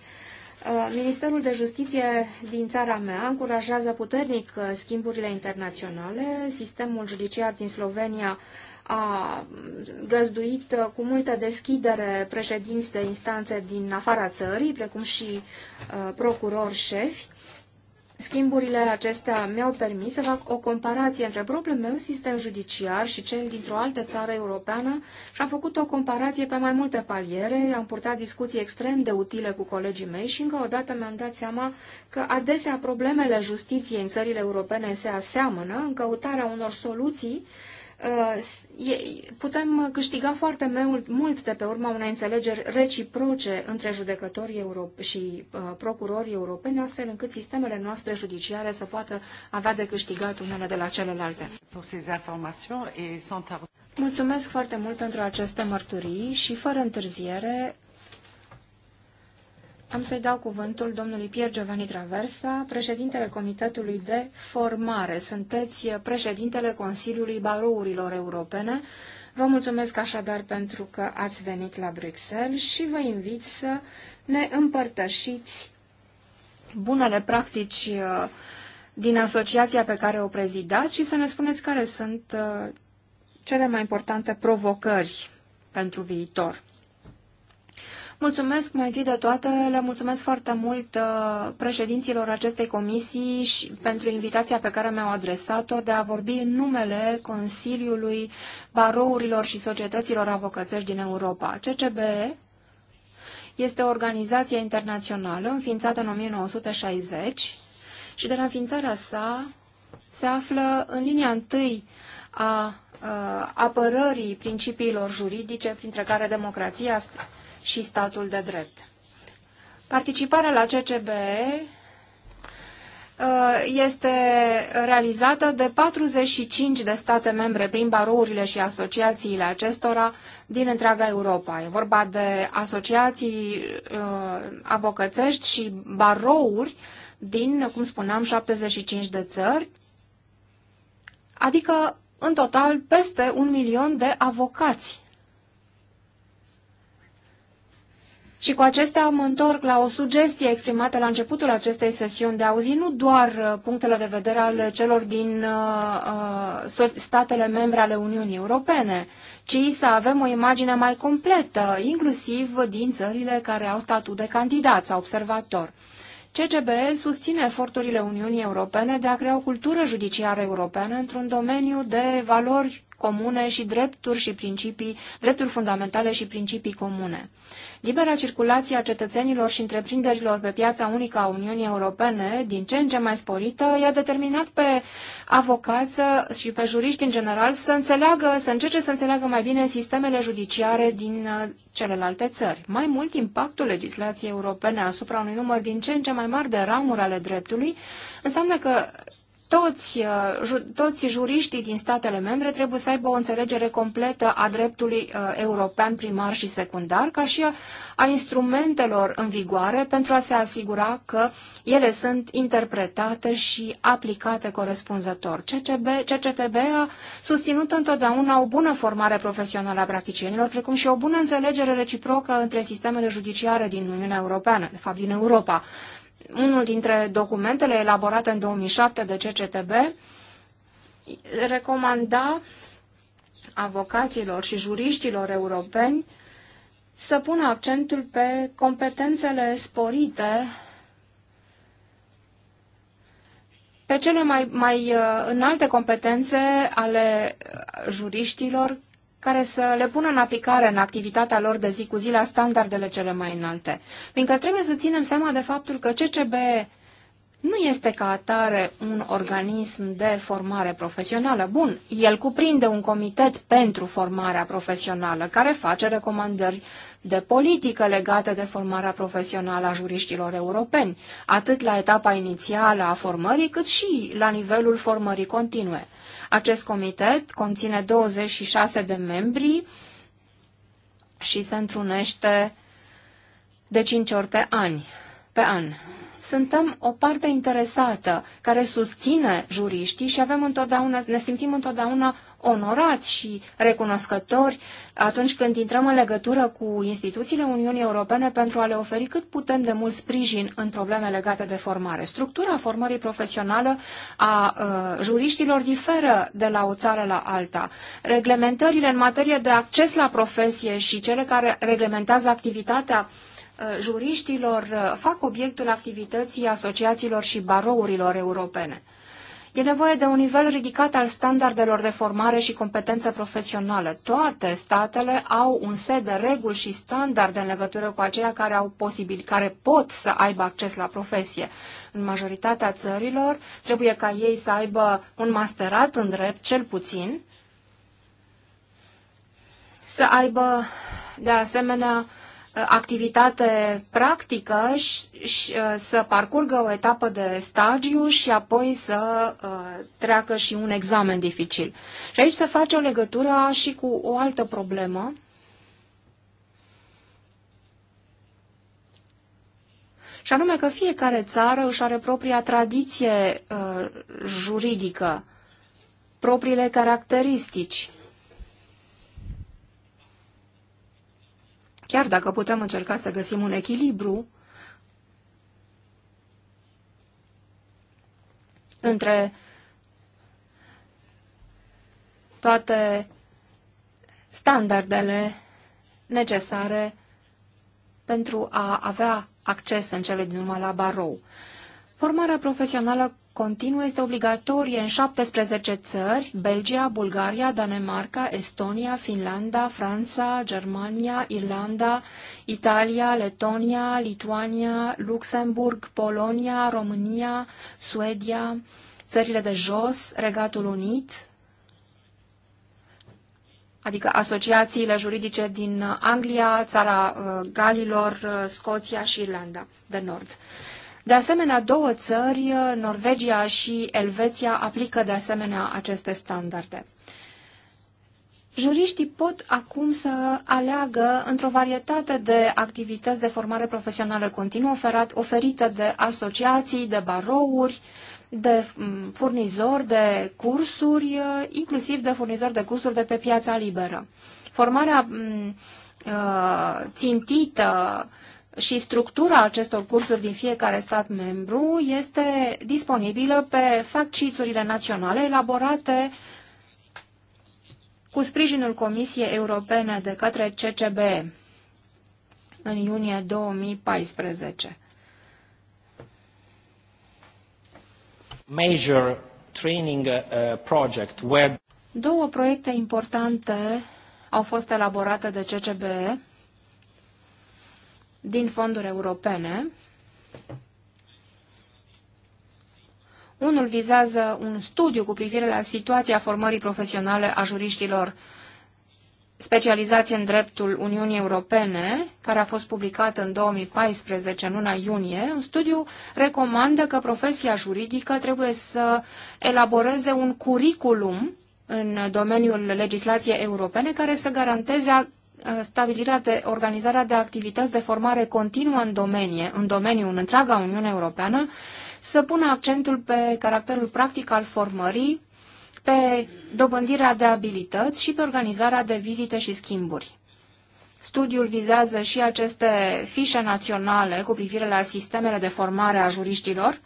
A: Uh, Ministerul de Justiție din țara mea încurajează puternic uh, schimburile internaționale. Sistemul judiciar din Slovenia a găzduit uh, cu multă deschidere președinți de instanțe din afara țării, precum și procurori șefi. Schimburile acestea mi-au permis să fac o comparație între propriul meu sistem judiciar și cel dintr-o altă țară europeană și am făcut o comparație pe mai multe paliere, am purtat discuții extrem de utile cu colegii mei și încă o dată mi-am dat seama că adesea problemele justiției în țările europene se aseamănă în căutarea unor soluții Uh, putem câștiga foarte mult de pe urma unei înțelegeri reciproce între judecătorii euro- și uh, procurorii europeni, astfel încât sistemele noastre judiciare să poată avea de câștigat unele de la celelalte. Mulțumesc foarte mult pentru aceste mărturii și, fără întârziere, am să-i dau cuvântul domnului Pierre Giovanni Traversa, președintele Comitetului de Formare. Sunteți președintele Consiliului Barourilor Europene. Vă mulțumesc așadar pentru că ați venit la Bruxelles și vă invit să ne împărtășiți bunele practici uh, din asociația pe care o prezidați și să ne spuneți care sunt uh, cele mai importante provocări pentru viitor. Mulțumesc mai întâi de toate, le mulțumesc foarte mult uh, președinților acestei comisii și pentru invitația pe care mi-au adresat-o de a vorbi în numele Consiliului Barourilor și Societăților Avocățești din Europa. CCBE este o organizație internațională înființată în 1960 și de la înființarea sa se află în linia întâi a uh, apărării principiilor juridice, printre care democrația, și statul de drept. Participarea la CCBE uh, este realizată de 45 de state membre prin barourile și asociațiile acestora din întreaga Europa. E vorba de asociații uh, avocățești și barouri din, cum spuneam, 75 de țări, adică în total peste un milion de avocați Și cu acestea mă întorc la o sugestie exprimată la începutul acestei sesiuni de auzi, nu doar uh, punctele de vedere ale celor din uh, uh statele membre ale Uniunii Europene, ci să avem o imagine mai completă, inclusiv din țările care au statut de candidat sau observator. CGB susține eforturile Uniunii Europene de a crea o cultură judiciară europeană într-un domeniu de valori comune și drepturi și principii, drepturi fundamentale și principii comune. Libera circulație a cetățenilor și întreprinderilor pe piața unică a Uniunii Europene, din ce în ce mai sporită, i-a determinat pe avocați și pe juriști în general să înțeleagă, să încerce să înțeleagă mai bine sistemele judiciare din uh, celelalte țări. Mai mult, impactul legislației europene asupra unui număr din ce în ce mai mare de ramuri ale dreptului înseamnă că toți, uh, toți juriștii din statele membre trebuie să aibă o înțelegere completă a dreptului uh, european primar și secundar, ca și a instrumentelor în vigoare pentru a se asigura că ele sunt interpretate și aplicate corespunzător. CCB, CCTB a susținut întotdeauna o bună formare profesională a practicienilor, precum și o bună înțelegere reciprocă între sistemele judiciare din Uniunea Europeană, de fapt din Europa unul dintre documentele elaborate în 2007 de CCTB recomanda avocaților și juriștilor europeni să pună accentul pe competențele sporite pe cele mai, mai uh, înalte competențe ale uh, juriștilor care să le pună în aplicare în activitatea lor de zi cu zi la standardele cele mai înalte. Fiindcă trebuie să ținem seama de faptul că CCB nu este ca atare un organism de formare profesională. Bun, el cuprinde un comitet pentru formarea profesională care face recomandări de politică legată de formarea profesională a juriștilor europeni, atât la etapa inițială a formării, cât și la nivelul formării continue. Acest comitet conține 26 de membri și se întrunește de 5 ori pe an. Pe an suntem o parte interesată care susține juriștii și avem întotdeauna, ne simțim întotdeauna onorați și recunoscători atunci când intrăm în legătură cu instituțiile Uniunii Europene pentru a le oferi cât putem de mult sprijin în probleme legate de formare. Structura formării profesională a uh, juriștilor diferă de la o țară la alta. Reglementările în materie de acces la profesie și cele care reglementează activitatea uh, juriștilor uh, fac obiectul activității asociațiilor și barourilor europene. E nevoie de un nivel ridicat al standardelor de formare și competență profesională. Toate statele au un set de reguli și standarde în legătură cu aceia care, au posibil, care pot să aibă acces la profesie. În majoritatea țărilor trebuie ca ei să aibă un masterat în drept, cel puțin, să aibă de asemenea activitate practică și, și uh, să parcurgă o etapă de stagiu și apoi să uh, treacă și un examen dificil. Și aici se face o legătură și cu o altă problemă. Și anume că fiecare țară își are propria tradiție uh, juridică, propriile caracteristici Chiar dacă putem încerca să găsim un echilibru între toate standardele necesare pentru a avea acces în cele din urmă la barou. Formarea profesională continuă este obligatorie în 17 țări, Belgia, Bulgaria, Danemarca, Estonia, Finlanda, Franța, Germania, Irlanda, Italia, Letonia, Lituania, Luxemburg, Polonia, România, Suedia, țările de jos, Regatul Unit, adică asociațiile juridice din Anglia, țara uh, Galilor, uh, Scoția și Irlanda de Nord. De asemenea, două țări, Norvegia și Elveția, aplică de asemenea aceste standarde. Juriștii pot acum să aleagă într-o varietate de activități de formare profesională continuă oferită de asociații, de barouri, de mm, furnizori de cursuri, inclusiv de furnizori de cursuri de pe piața liberă. Formarea mm, ă, țintită și structura acestor cursuri din fiecare stat membru este disponibilă pe fact naționale elaborate cu sprijinul Comisiei Europene de către CCB în iunie 2014. Major training uh, project where... Două proiecte importante au fost elaborate de CCBE din fonduri europene. Unul vizează un studiu cu privire la situația formării profesionale a juriștilor specializați în dreptul Uniunii Europene, care a fost publicat în 2014, în luna iunie, un studiu recomandă că profesia juridică trebuie să elaboreze un curriculum în domeniul legislației europene care să garanteze stabilirea de organizarea de activități de formare continuă în domenie, în domeniul în întreaga Uniune Europeană, să pună accentul pe caracterul practic al formării, pe dobândirea de abilități și pe organizarea de vizite și schimburi. Studiul vizează și aceste fișe naționale cu privire la sistemele de formare a juriștilor,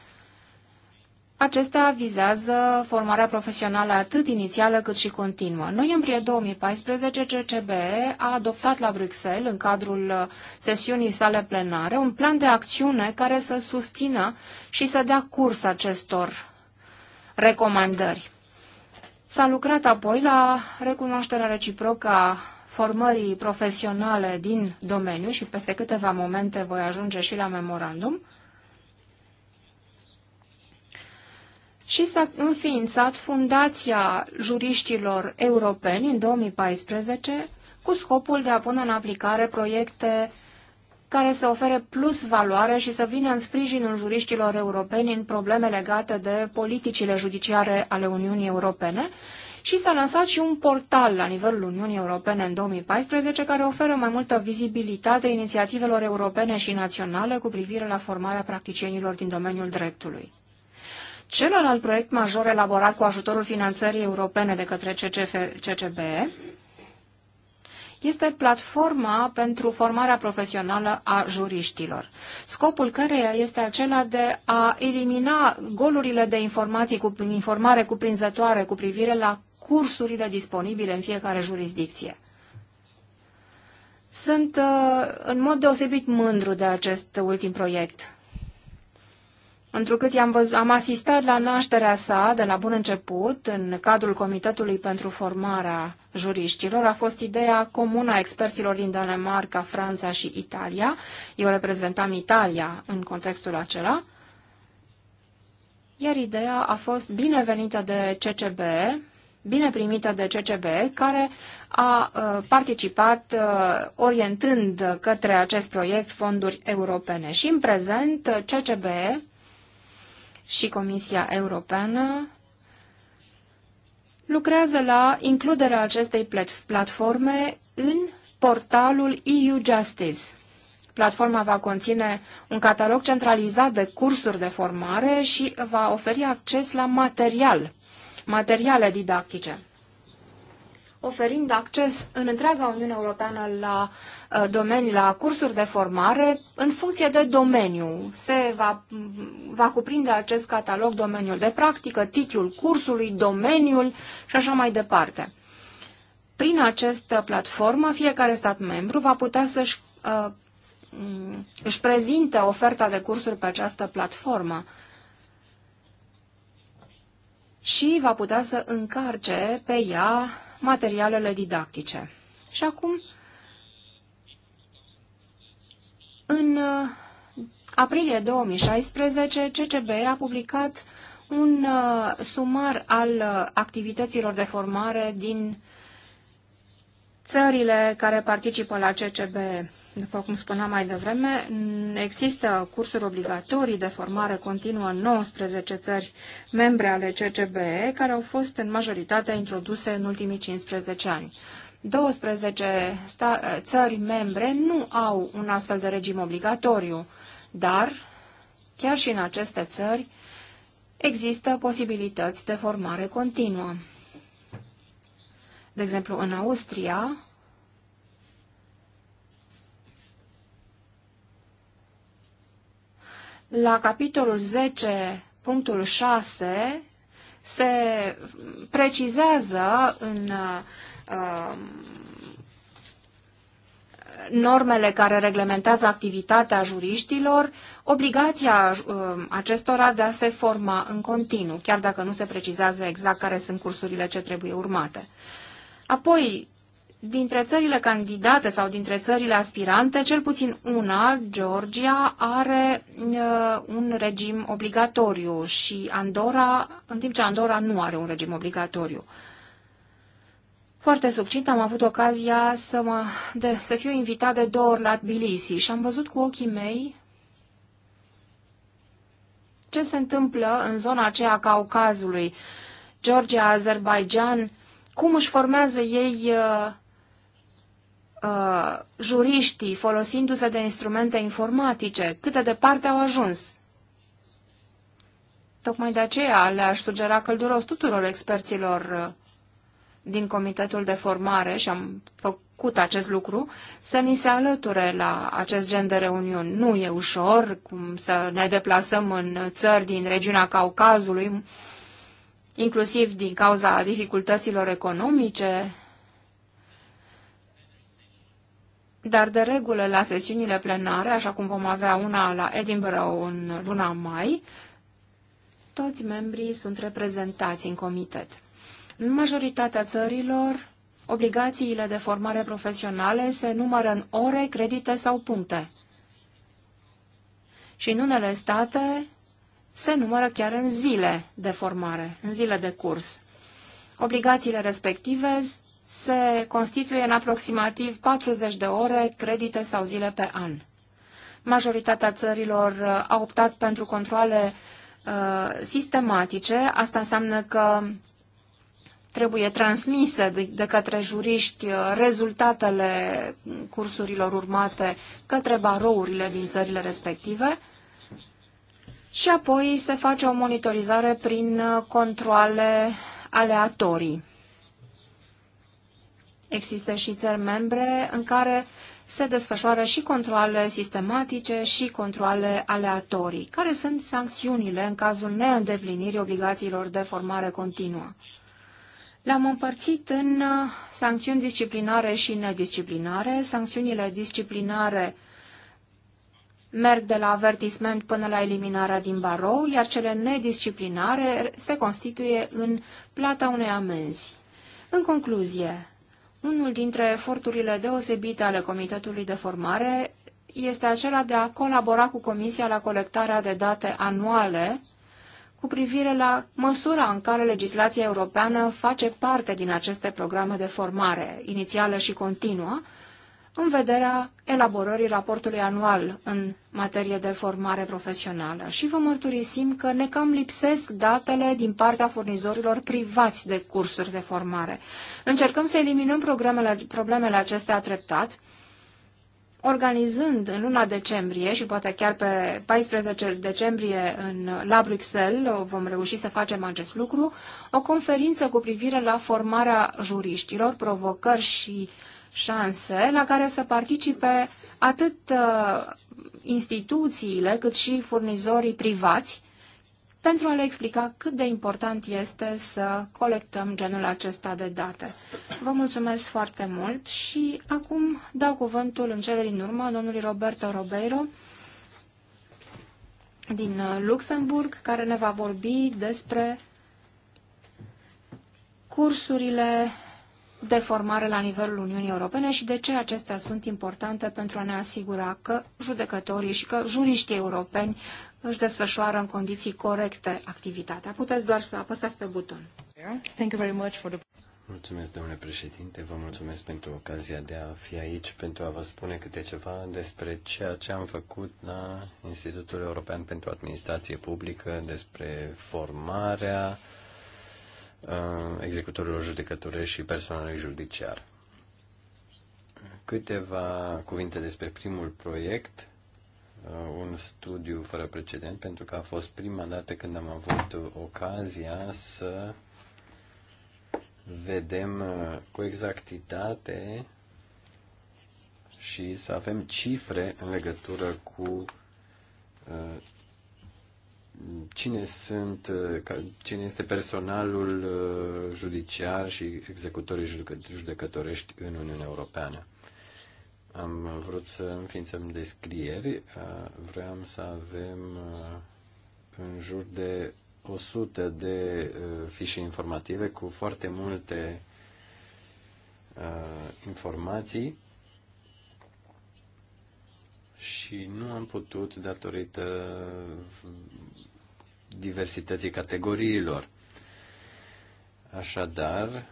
A: acesta vizează formarea profesională atât inițială cât și continuă. În noiembrie 2014, CCB a adoptat la Bruxelles, în cadrul sesiunii sale plenare, un plan de acțiune care să susțină și să dea curs acestor recomandări. S-a lucrat apoi la recunoașterea reciprocă a formării profesionale din domeniu și peste câteva momente voi ajunge și la memorandum, și s-a înființat Fundația Juriștilor Europeni în 2014 cu scopul de a pune în aplicare proiecte care să ofere plus valoare și să vină în sprijinul juriștilor europeni în probleme legate de politicile judiciare ale Uniunii Europene și s-a lansat și un portal la nivelul Uniunii Europene în 2014 care oferă mai multă vizibilitate inițiativelor europene și naționale cu privire la formarea practicienilor din domeniul dreptului. Celălalt proiect major elaborat cu ajutorul finanțării europene de către CCF, CCB este platforma pentru formarea profesională a juriștilor, scopul căreia este acela de a elimina golurile de informații cu informare cuprinzătoare cu privire la cursurile disponibile în fiecare jurisdicție. Sunt uh, în mod deosebit mândru de acest ultim proiect întrucât am, văz- am asistat la nașterea sa de la bun început în cadrul Comitetului pentru Formarea Juriștilor. A fost ideea comună a experților din Danemarca, Franța și Italia. Eu reprezentam Italia în contextul acela. Iar ideea a fost binevenită de CCB, bine primită de CCB, care a uh, participat uh, orientând către acest proiect fonduri europene. Și în prezent CCB și Comisia Europeană lucrează la includerea acestei platforme în portalul EU Justice. Platforma va conține un catalog centralizat de cursuri de formare și va oferi acces la material, materiale didactice oferind acces în întreaga Uniune Europeană la uh, domenii, la cursuri de formare, în funcție de domeniu. Se va, va cuprinde acest catalog domeniul de practică, titlul cursului, domeniul și așa mai departe. Prin această platformă, fiecare stat membru va putea să-și uh, își prezinte oferta de cursuri pe această platformă și va putea să încarce pe ea materialele didactice. Și acum, în uh, aprilie 2016, CCB a publicat un uh, sumar al uh, activităților de formare din Țările care participă la CCB, după cum spuneam mai devreme, există cursuri obligatorii de formare continuă în 19 țări membre ale CCB, care au fost în majoritatea introduse în ultimii 15 ani. 12 țări membre nu au un astfel de regim obligatoriu, dar chiar și în aceste țări există posibilități de formare continuă. De exemplu, în Austria, la capitolul 10, punctul 6, se precizează în uh, normele care reglementează activitatea juriștilor, obligația um, acestora de a se forma în continuu, chiar dacă nu se precizează exact care sunt cursurile ce trebuie urmate. Apoi, dintre țările candidate sau dintre țările aspirante, cel puțin una, Georgia, are uh, un regim obligatoriu și Andorra, în timp ce Andorra nu are un regim obligatoriu. Foarte succint am avut ocazia să, mă, de, să fiu invitat de două ori la Tbilisi și am văzut cu ochii mei ce se întâmplă în zona aceea a Caucazului, Georgia, Azerbaijan, cum își formează ei uh, uh, juriștii folosindu-se de instrumente informatice, cât de departe au ajuns. Tocmai de aceea le-aș sugera călduros tuturor experților uh, din comitetul de formare, și am făcut acest lucru, să ni se alăture la acest gen de reuniuni. Nu e ușor cum să ne deplasăm în țări din regiunea Caucazului, inclusiv din cauza dificultăților economice, dar de regulă la sesiunile plenare, așa cum vom avea una la Edinburgh în luna mai, toți membrii sunt reprezentați în comitet. În majoritatea țărilor, obligațiile de formare profesională se numără în ore, credite sau puncte. Și în unele state, se numără chiar în zile de formare, în zile de curs. Obligațiile respective se constituie în aproximativ 40 de ore, credite sau zile pe an. Majoritatea țărilor uh, a optat pentru controle uh, sistematice. Asta înseamnă că trebuie transmise de, de către juriști uh, rezultatele cursurilor urmate către barourile din țările respective și apoi se face o monitorizare prin uh, controle aleatorii. Există și țări membre în care se desfășoară și controle sistematice și controle aleatorii. Care sunt sancțiunile în cazul neîndeplinirii obligațiilor de formare continuă? Le-am împărțit în uh, sancțiuni disciplinare și nedisciplinare. Sancțiunile disciplinare merg de la avertisment până la eliminarea din barou, iar cele nedisciplinare se constituie în plata unei amenzi. În concluzie, unul dintre eforturile deosebite ale Comitetului de Formare este acela de a colabora cu Comisia la colectarea de date anuale cu privire la măsura în care legislația europeană face parte din aceste programe de formare, inițială și continuă, în vederea elaborării raportului anual în materie de formare profesională și vă mărturisim că ne cam lipsesc datele din partea furnizorilor privați de cursuri de formare. Încercăm să eliminăm problemele, problemele acestea treptat, organizând în luna decembrie și poate chiar pe 14 decembrie în, la Bruxelles vom reuși să facem acest lucru, o conferință cu privire la formarea juriștilor, provocări și uh, șanse la care să participe atât uh, instituțiile cât și furnizorii privați pentru a le explica cât de important este să colectăm genul acesta de date. Vă mulțumesc foarte mult și acum dau cuvântul în cele din urmă domnului Roberto Robeiro din uh, Luxemburg, care ne va vorbi despre cursurile de formare la nivelul Uniunii Europene și de ce acestea sunt importante pentru a ne asigura că judecătorii și că juriștii europeni își desfășoară în condiții corecte activitatea. Puteți doar să apăsați pe buton. Thank you very much for the...
B: Mulțumesc, domnule președinte, vă mulțumesc pentru ocazia de a fi aici pentru a vă spune câte ceva despre ceea ce am făcut la Institutul European pentru Administrație Publică, despre formarea Uh, executorilor judecătore și personalului judiciar. Câteva cuvinte despre primul proiect, uh, un studiu fără precedent, pentru că a fost prima dată când am avut ocazia să vedem uh, cu exactitate și să avem cifre în legătură cu cine, sunt, uh, cine este personalul uh, judiciar și executorii judecătorești în Uniunea Europeană. Am vrut să înființăm descrieri, uh, vreau să avem în jur de 100 de fișe informative cu foarte multe informații și nu am putut, datorită diversității categoriilor. Așadar,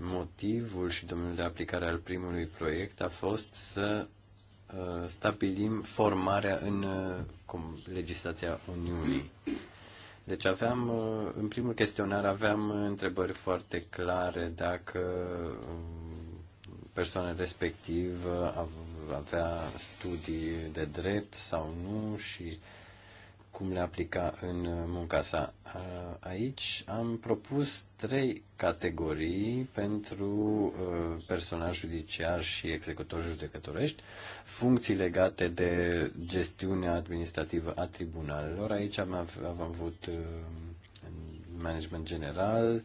B: motivul și domeniul de aplicare al primului proiect a fost să uh, stabilim formarea în uh, cum, legislația Uniunii. Deci aveam, uh, în primul chestionar aveam întrebări foarte clare dacă um, persoana respectivă avea studii de drept sau nu și uh, cum le aplica în munca sa. Aici am propus trei categorii pentru uh, personal judiciar și executor judecătorești, funcții legate de gestiunea administrativă a tribunalelor. Aici am, av- am avut uh, management general,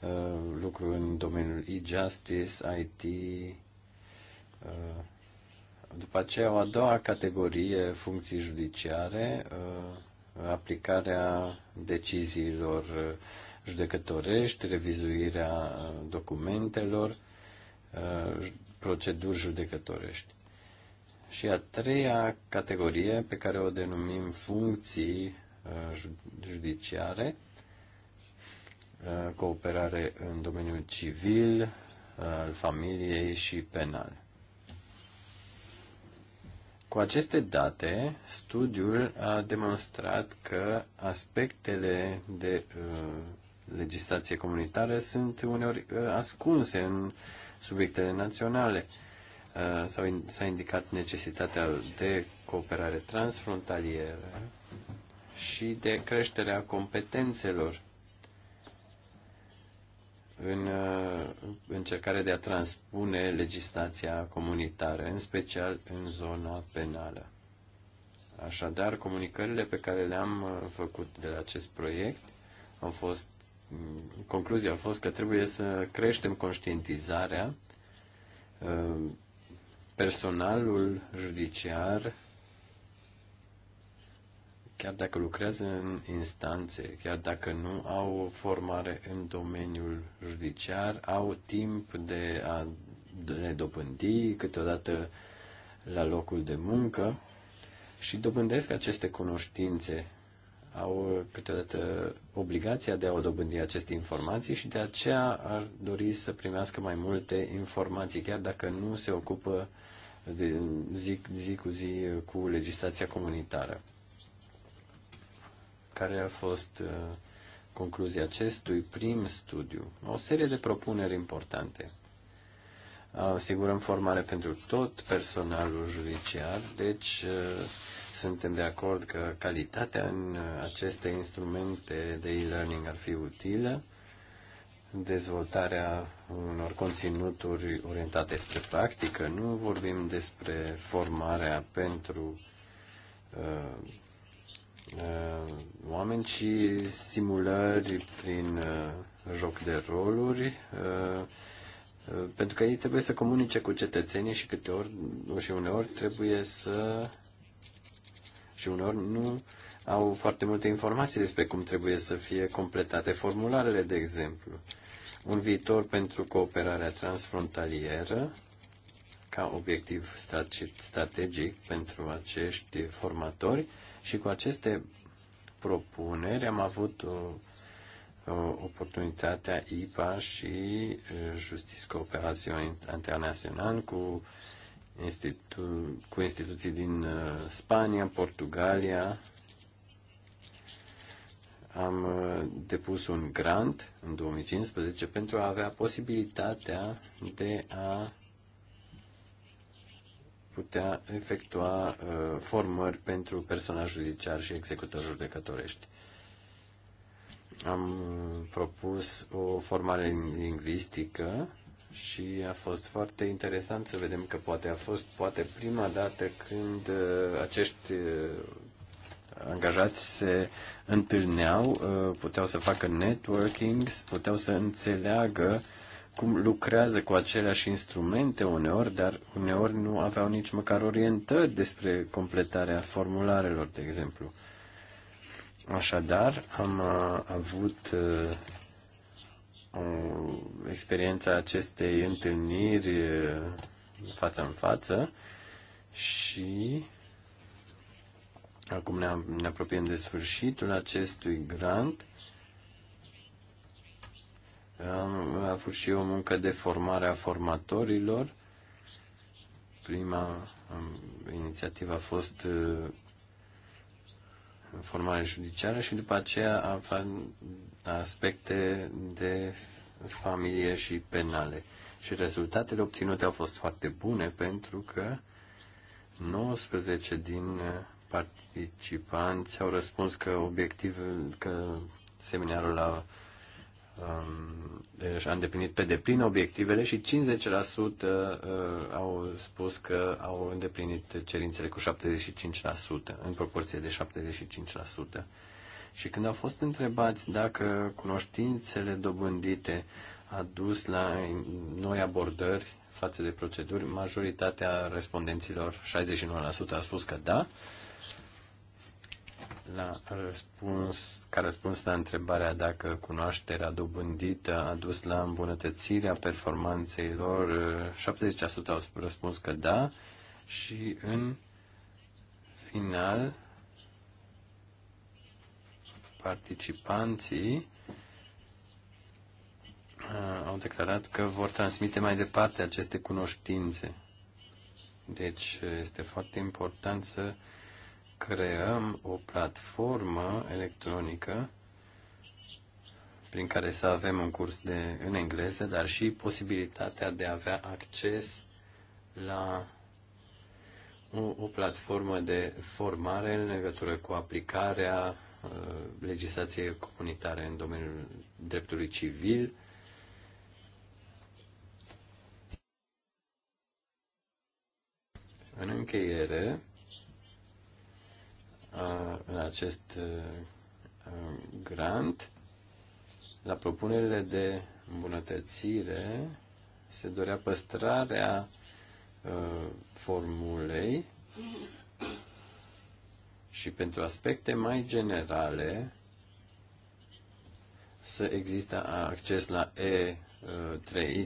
B: uh, lucru în domeniul e-justice, IT, după aceea, o a doua categorie, funcții judiciare, uh, aplicarea deciziilor judecătorești, revizuirea documentelor, uh, proceduri judecătorești. Și a treia categorie, pe care o denumim funcții uh, judiciare, cooperare în domeniul civil, al familiei și penal. Cu aceste date, studiul a demonstrat că aspectele de uh, legislație comunitară sunt uneori uh, ascunse în subiectele naționale. Uh, s-a, in, indicat necesitatea de cooperare transfrontalieră și de creșterea competențelor în uh, încercarea de a transpune legislația comunitară, în special în zona penală. Așadar, comunicările pe care le-am uh, făcut de la acest proiect au fost, mm, concluzia a fost că trebuie să creștem conștientizarea uh, personalul judiciar chiar dacă lucrează în instanțe, chiar dacă nu au o formare în domeniul judiciar, au timp de a ne dobândi câteodată la locul de muncă și dobândesc aceste cunoștințe. Au câteodată obligația de a dobândi aceste informații și de aceea ar dori să primească mai multe informații, chiar dacă nu se ocupă de zi, zi cu zi cu legislația comunitară care a fost uh, concluzia acestui prim studiu. O serie de propuneri importante. Asigurăm formare pentru tot personalul judiciar, deci uh, suntem de acord că calitatea în aceste instrumente de e-learning ar fi utilă, dezvoltarea unor conținuturi orientate spre practică. Nu vorbim despre formarea pentru uh, uh, oameni, ci simulări prin uh, joc de roluri, uh, uh, pentru că ei trebuie să comunice cu cetățenii și câte ori, și uneori trebuie să și uneori nu au foarte multe informații despre cum trebuie să fie completate formularele, de exemplu. Un viitor pentru cooperarea transfrontalieră ca obiectiv strategic pentru acești formatori și cu aceste propuneri am avut o, o oportunitatea IPA și Justice Cooperation Internațional cu, institu- cu instituții din Spania, Portugalia. Am depus un grant în 2015 pentru a avea posibilitatea de a putea efectua uh, formări pentru personal judiciar și executor judecătorești. Am uh, propus o formare lingvistică și a fost foarte interesant să vedem că poate a fost poate prima dată când uh, acești uh, angajați se întâlneau, uh, puteau să facă networking, puteau să înțeleagă cum lucrează cu aceleași instrumente uneori, dar uneori nu aveau nici măcar orientări despre completarea formularelor, de exemplu. Așadar, am uh, avut uh, o experiența acestei întâlniri uh, față în față și acum ne, ne apropiem de sfârșitul acestui grant am fost și o muncă de formare a formatorilor. Prima inițiativă a fost uh, formare judiciară și după aceea am aspecte de familie și penale. Și rezultatele obținute au fost foarte bune pentru că 19 din participanți au răspuns că obiectivul, că seminarul a Um, deci a îndeplinit pe deplin obiectivele și 50% uh, au spus că au îndeplinit cerințele cu 75%, în proporție de 75%. Și când au fost întrebați dacă cunoștințele dobândite a dus la noi abordări față de proceduri, majoritatea respondenților, 69%, a spus că da, la răspuns, ca răspuns la întrebarea dacă cunoașterea dobândită a dus la îmbunătățirea performanței lor, 70% au răspuns că da și în final participanții uh, au declarat că vor transmite mai departe aceste cunoștințe. Deci este foarte important să creăm o platformă electronică prin care să avem un curs de, în engleză, dar și posibilitatea de a avea acces la o, o platformă de formare în legătură cu aplicarea uh, legislației comunitare în domeniul dreptului civil. În încheiere, în acest grant, la propunerile de îmbunătățire se dorea păstrarea formulei și pentru aspecte mai generale să există acces la e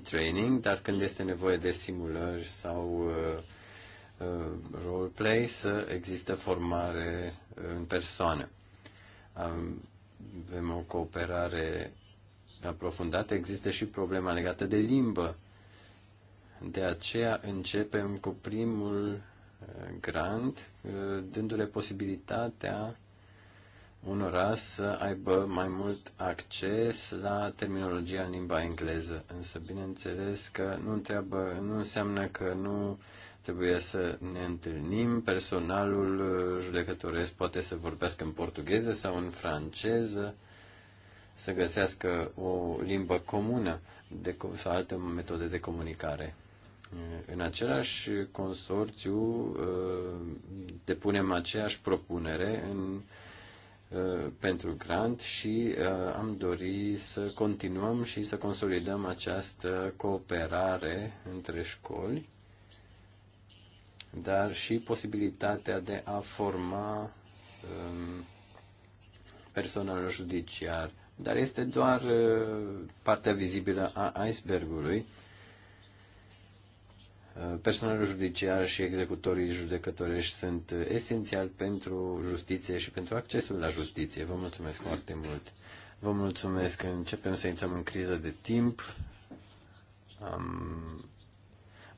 B: training dar când este nevoie de simulări sau uh, Uh, play să existe formare în persoană. Avem o cooperare aprofundată, există și problema legată de limbă. De aceea începem cu primul uh, grant, uh, dându-le posibilitatea unora să aibă mai mult acces la terminologia în limba engleză. Însă, bineînțeles că nu, întreabă, nu înseamnă că nu uh, trebuie să ne întâlnim, personalul uh, judecătoresc poate să vorbească în portugheză sau în franceză, să găsească o limbă comună de, sau alte metode de comunicare. Uh, în același consorțiu uh, depunem aceeași propunere în, pentru grant și am dori să continuăm și să consolidăm această cooperare între școli dar și posibilitatea de a forma um, personalul judiciar. Dar este doar uh, partea vizibilă a icebergului. Uh, personalul judiciar și executorii judecătorești sunt uh, esențiali pentru justiție și pentru accesul la justiție. Vă mulțumesc foarte mult. Vă mulțumesc. Începem să intrăm în criză de timp. Am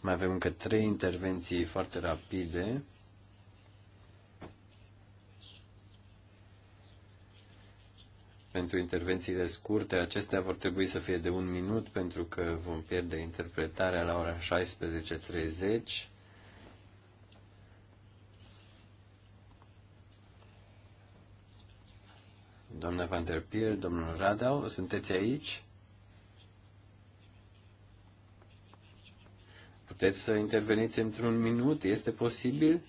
B: mai avem încă trei intervenții foarte rapide. Pentru intervențiile scurte, acestea vor trebui să fie de un minut pentru că vom pierde interpretarea la ora 16.30. Doamna Van der Pier, domnul Radau, sunteți aici? Puteți să interveniți într-un minut? Este posibil?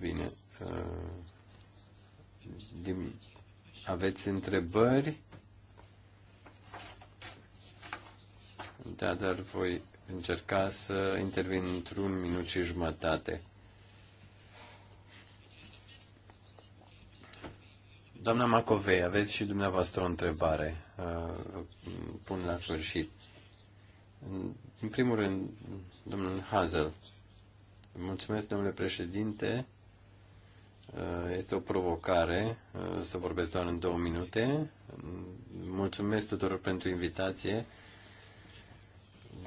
B: Bine. Uh, aveți întrebări? Da, dar voi încerca să intervin într-un minut și jumătate. Doamna Macovei, aveți și dumneavoastră o întrebare. Uh, Pun la sfârșit. În primul rând, domnul Hazel, mulțumesc, domnule președinte. Uh, este o provocare uh, să vorbesc doar în două minute. Mulțumesc tuturor pentru invitație.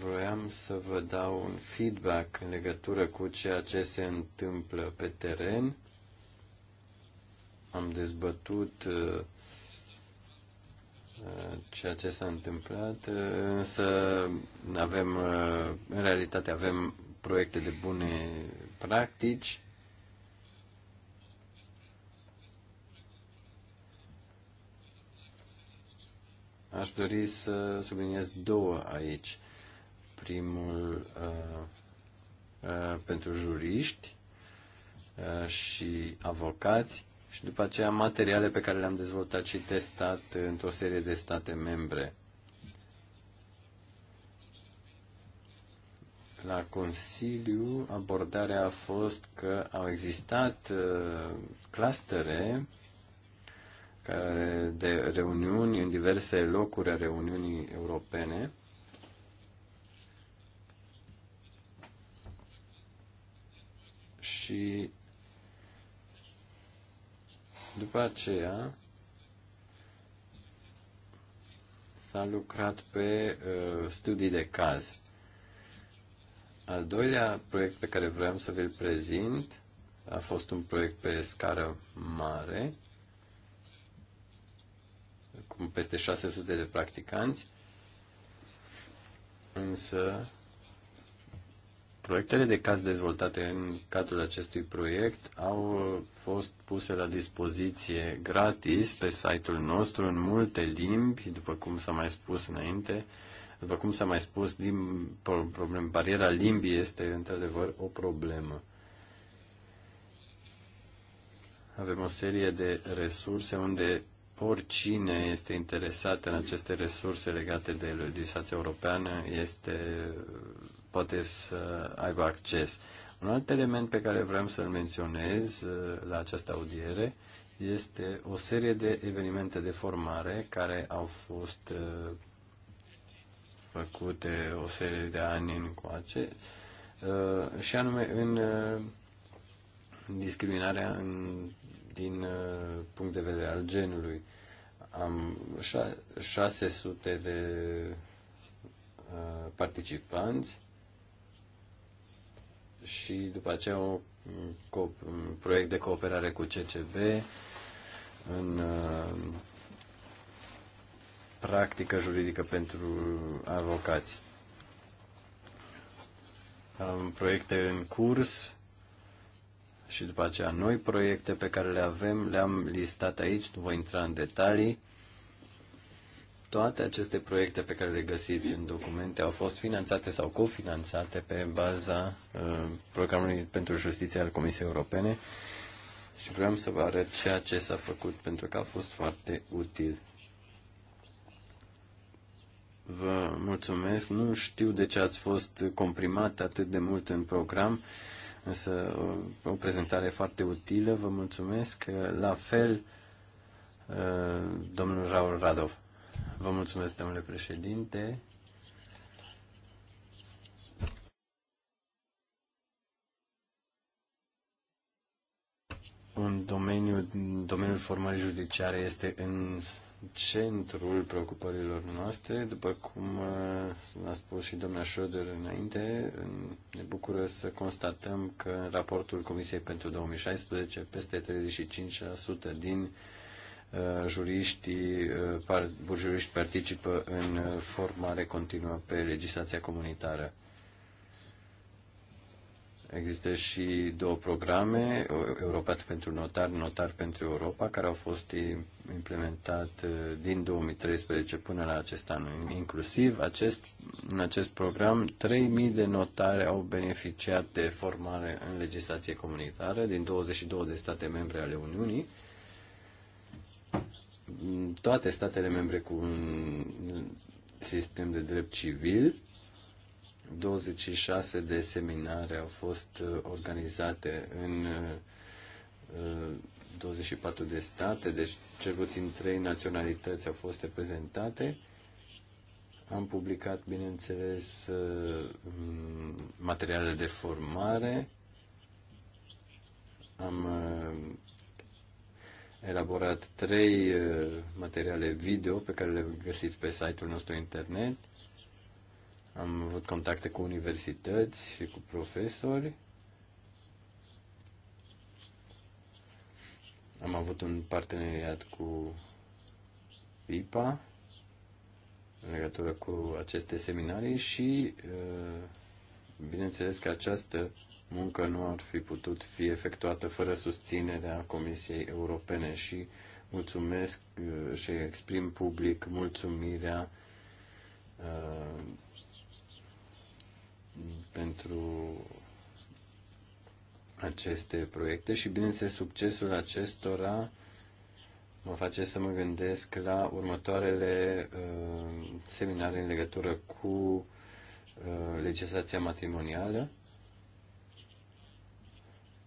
B: Vroiam să vă dau un feedback în legătură cu ceea ce se întâmplă pe teren am dezbătut uh, ceea ce s-a întâmplat, uh, însă avem, uh, în realitate avem proiecte de bune practici Aș dori să subliniez două aici. Primul uh, uh, pentru juriști uh, și avocați și după aceea materiale pe care le-am dezvoltat și testat într-o serie de state membre. La Consiliu, abordarea a fost că au existat uh, clustere care de reuniuni în diverse locuri a reuniunii europene. Și după aceea s-a lucrat pe uh, studii de caz. Al doilea proiect pe care vreau să vi-l prezint a fost un proiect pe scară mare, cu peste 600 de practicanți, însă Proiectele de caz dezvoltate în cadrul acestui proiect au fost puse la dispoziție gratis pe site-ul nostru în multe limbi, după cum s-a mai spus înainte. După cum s-a mai spus, din problem, bariera limbii este într-adevăr o problemă. Avem o serie de resurse unde oricine este interesat în aceste resurse legate de legislația europeană este poate să aibă acces. Un alt element pe care vreau să-l menționez uh, la această audiere este o serie de evenimente de formare care au fost uh, făcute o serie de ani încoace, uh, și anume în discriminarea în, din punct de vedere al genului. Am 600 de participanți și după aceea un, un proiect de cooperare cu CCB în uh, practică juridică pentru avocați. Am proiecte în curs și după aceea noi proiecte pe care le avem, le-am listat aici, nu voi intra în detalii. Toate aceste proiecte pe care le găsiți în documente au fost finanțate sau cofinanțate pe baza uh, programului pentru justiție al Comisiei Europene și vreau să vă arăt ceea ce s-a făcut pentru că a fost foarte util. Vă mulțumesc. Nu știu de ce ați fost comprimat atât de mult în program, însă o, uh, o prezentare foarte utilă. Vă mulțumesc. La fel, uh, domnul Raul Radov. Vă mulțumesc, domnule președinte. Un domeniu, domeniul formării judiciare este în centrul preocupărilor noastre, după cum uh, a spus și domnul Schroeder înainte, ne bucură să constatăm că în raportul Comisiei pentru 2016 peste 35% din Uh, juriștii, uh, juriști participă în uh, formare continuă pe legislația comunitară. Există și două programe, Europa pentru notar, Notar pentru Europa, care au fost implementat din 2013 până la acest an. Inclusiv acest, în acest program, 3.000 de notare au beneficiat de formare în legislație comunitară din 22 de state membre ale Uniunii toate statele membre cu un sistem de drept civil. 26 de seminare au fost uh, organizate în 24 uh, de state, deci cel puțin 3 naționalități au fost reprezentate. Am publicat, bineînțeles, uh, materiale de formare. Am elaborat trei uh, materiale video pe care le găsiți pe site-ul nostru internet. Am avut contacte cu universități și cu profesori. Am avut un parteneriat cu Ipa în legătură cu aceste seminarii și, uh, bineînțeles, că această muncă nu ar fi putut fi efectuată fără susținerea Comisiei Europene și mulțumesc uh, și exprim public mulțumirea uh, pentru aceste proiecte și, bineînțeles, succesul acestora mă face să mă gândesc la următoarele uh, seminare în legătură cu uh, legislația matrimonială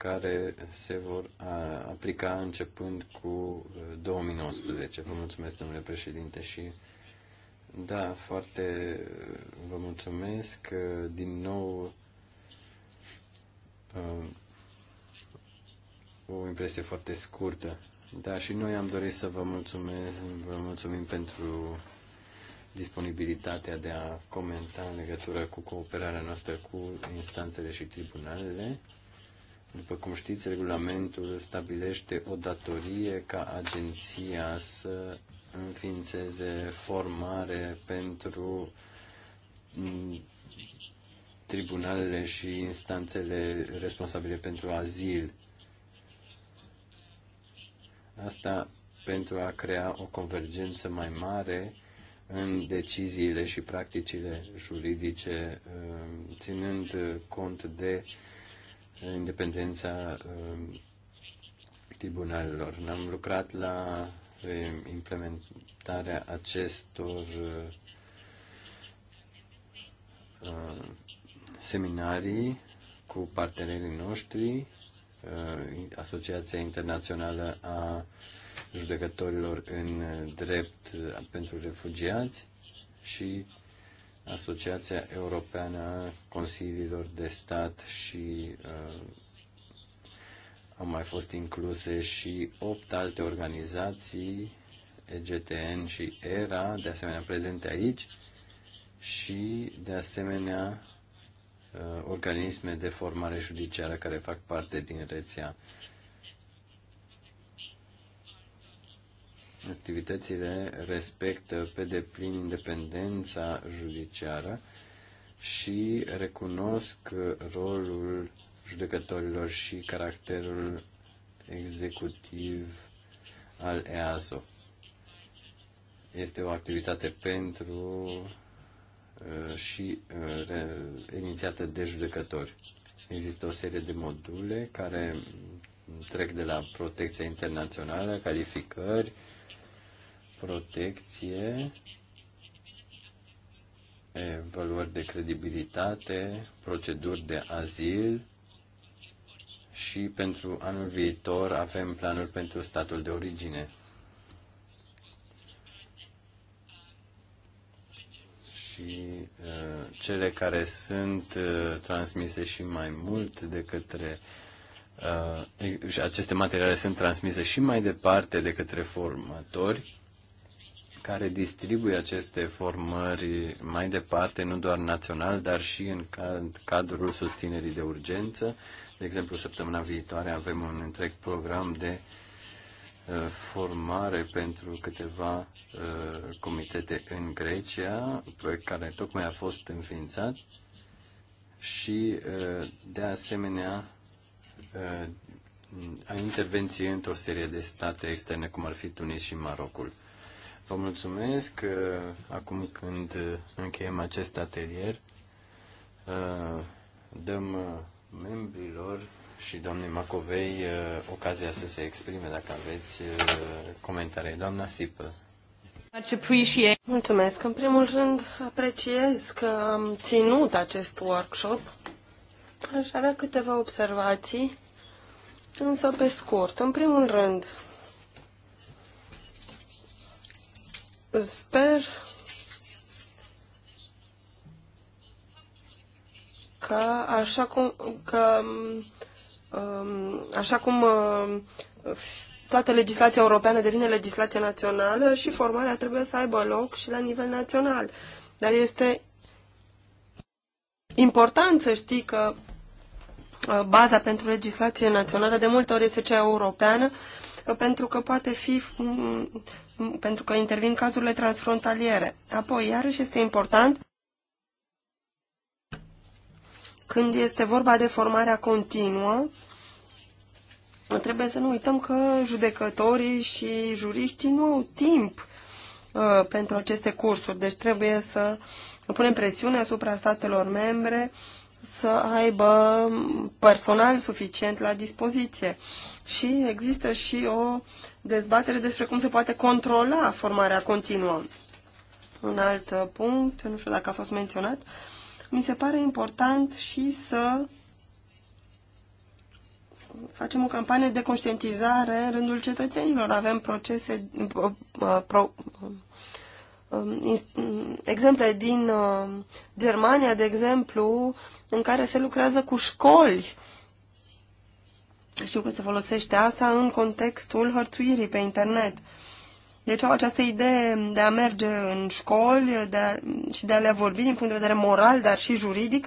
B: care se vor aplica începând cu 2019. Uh, vă mulțumesc, domnule președinte, și da, foarte uh, vă mulțumesc. Uh, din nou, o impresie foarte scurtă. Da, și noi am dorit să vă mulțumesc, vă mulțumim pentru disponibilitatea de a comenta în legătură cu cooperarea noastră cu instanțele și tribunalele. După cum știți, regulamentul stabilește o datorie ca agenția să înființeze formare pentru tribunalele și instanțele responsabile pentru azil. Asta pentru a crea o convergență mai mare în deciziile și practicile juridice, ă, ținând cont de uh, independența um, tribunalelor. Am lucrat la um, implementarea acestor uh, seminarii cu partenerii noștri, uh, Asociația Internațională a Judecătorilor în Drept pentru Refugiați și Asociația Europeană a Consiliilor de Stat și uh, au mai fost incluse și opt alte organizații, EGTN și ERA, de asemenea prezente aici, și de asemenea uh, organisme de formare judiciară care fac parte din rețea activitățile respectă pe deplin independența judiciară și recunosc rolul judecătorilor și caracterul executiv al EASO. Este o activitate pentru uh, și uh, inițiată de judecători. Există o serie de module care trec de la protecția internațională, calificări, protecție, valori de credibilitate, proceduri de azil și pentru anul viitor avem planul pentru statul de origine. și cele care sunt transmise și mai mult de către uh, aceste materiale sunt transmise și mai departe de către formatori care distribuie aceste formări mai departe, nu doar național, dar și în cadrul susținerii de urgență. De exemplu, săptămâna viitoare avem un întreg program de uh, formare pentru câteva uh, comitete în Grecia, proiect care tocmai a fost înființat și, uh, de asemenea, a intervenției într-o serie de state externe, cum ar fi Tunis și Marocul. Vă mulțumesc uh, acum când încheiem acest atelier, uh, dăm uh, membrilor și doamnei Macovei ocazia să se exprime dacă aveți comentarii. Doamna Sipă.
C: Mulțumesc. În primul rând, apreciez că am ținut acest workshop. Aș avea câteva observații, însă pe scurt. În primul rând, Sper că așa cum, că, um, așa cum uh, toată legislația europeană devine legislație națională și formarea trebuie să aibă loc și la nivel național. Dar este important să știi că uh, baza pentru legislație națională de multe ori este cea europeană, uh, pentru că poate fi um, pentru că intervin cazurile transfrontaliere. Apoi, iarăși este important când este vorba de formarea continuă, trebuie să nu uităm că judecătorii și juriștii nu au timp uh, pentru aceste cursuri, deci trebuie să punem presiune asupra statelor membre să aibă personal suficient la dispoziție. Și există și o dezbatere despre cum se poate controla formarea continuă. Un alt uh, punct, nu știu dacă a fost menționat, mi se pare important și să facem o campanie de conștientizare în rândul cetățenilor. Avem procese, uh, uh, pro, um, mm, exemple din Germania, de exemplu, în care se lucrează cu școli știu că se folosește asta în contextul hărțuirii pe internet. Deci au această idee de a merge în școli de a, și de a le vorbi din punct de vedere moral, dar și juridic,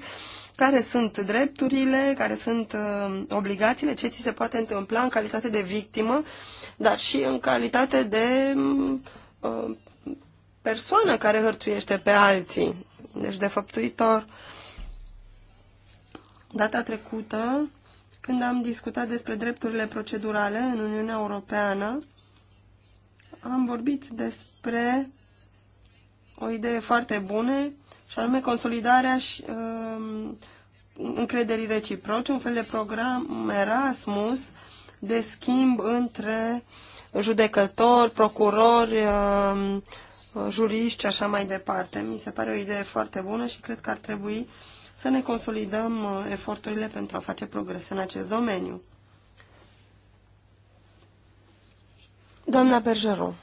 C: care sunt drepturile, care sunt uh, obligațiile, ce ți se poate întâmpla în calitate de victimă, dar și în calitate de uh, persoană care hărțuiește pe alții, deci de făptuitor. Data trecută când am discutat despre drepturile procedurale în Uniunea Europeană, am vorbit despre o idee foarte bună, și anume consolidarea și, um, încrederii reciproce, un fel de program Erasmus de schimb între judecători, procurori, um, juriști și așa mai departe. Mi se pare o idee foarte bună și cred că ar trebui uh, să ne consolidăm uh, eforturile pentru a face progrese în acest domeniu. Doamna Bergeron.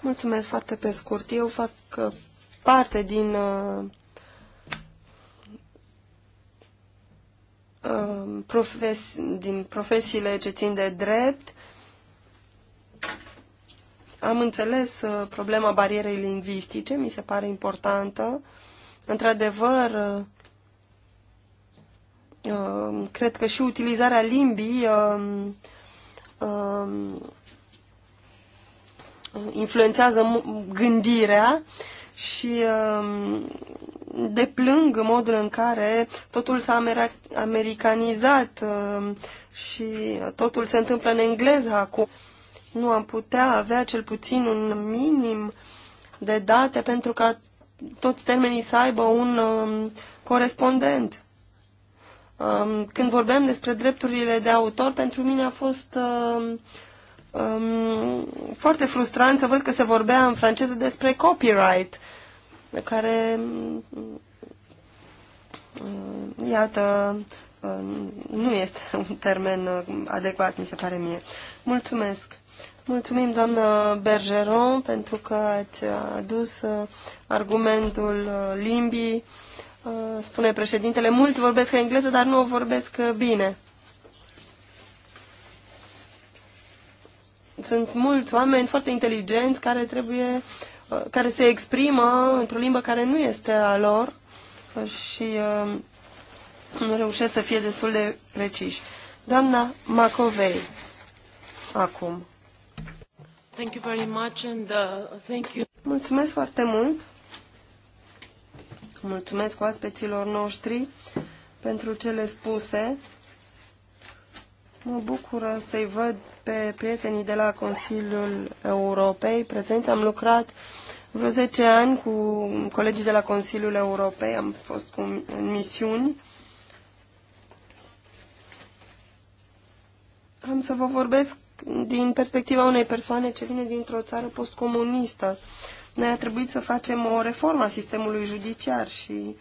C: Mulțumesc foarte pe scurt. Eu fac uh, parte din uh, din profesiile ce țin de drept am înțeles uh, problema barierei lingvistice, mi se pare importantă. Într-adevăr, uh, um, cred că și utilizarea limbii um, um, influențează gândirea și deplâng modul în care totul s-a americanizat și totul se întâmplă în engleză acum nu am putea avea cel puțin un minim de date pentru ca toți termenii să aibă un um, corespondent. Um, când vorbeam despre drepturile de autor, pentru mine a fost um, um, foarte frustrant să văd că se vorbea în franceză despre copyright, care, um, iată, uh, nu este un termen uh, adecvat, mi se pare mie. Mulțumesc! Mulțumim, doamnă Bergeron, pentru că ați adus uh, argumentul uh, limbii. Uh, spune președintele, mulți vorbesc engleză, dar nu o vorbesc bine. Sunt mulți oameni foarte inteligenți care trebuie, care se exprimă într-o limbă care nu este a lor și nu reușesc să fie destul de preciși. Doamna Macovei, acum. Thank you very much and uh, thank you. Mulțumesc foarte mult. Mulțumesc oaspeților noștri pentru cele spuse. Mă bucură să-i văd pe prietenii de la Consiliul Europei prezenți. Am lucrat vreo 10 ani cu colegii de la Consiliul Europei, am fost cu, în misiuni. Am să vă vorbesc din perspectiva unei persoane ce vine dintr-o țară postcomunistă. Noi a trebuit să facem o reformă a sistemului judiciar și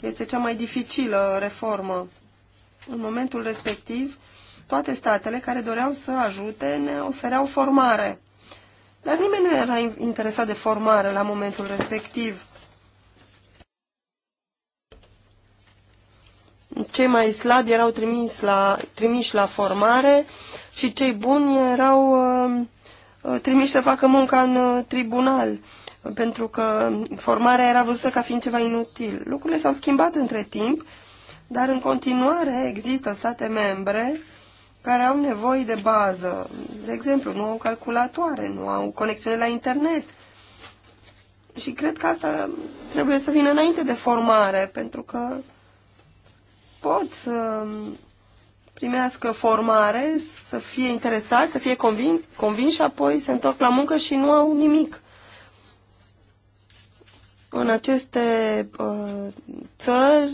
C: este cea mai dificilă reformă. În momentul respectiv, toate statele care doreau să ajute ne ofereau formare. Dar nimeni nu era interesat de formare la momentul respectiv. Cei mai slabi erau trimiși la, trimiși la formare, și cei buni erau uh, uh, trimiși să facă munca în uh, tribunal, pentru că formarea era văzută ca fiind ceva inutil. Lucrurile s-au schimbat între timp, dar în continuare există state membre care au nevoie de bază. De exemplu, nu au calculatoare, nu au conexiune la internet. Și cred că asta trebuie să vină înainte de formare, pentru că pot să primească formare, să fie interesați, să fie convin, convinși și apoi se întorc la muncă și nu au nimic. În aceste uh, țări,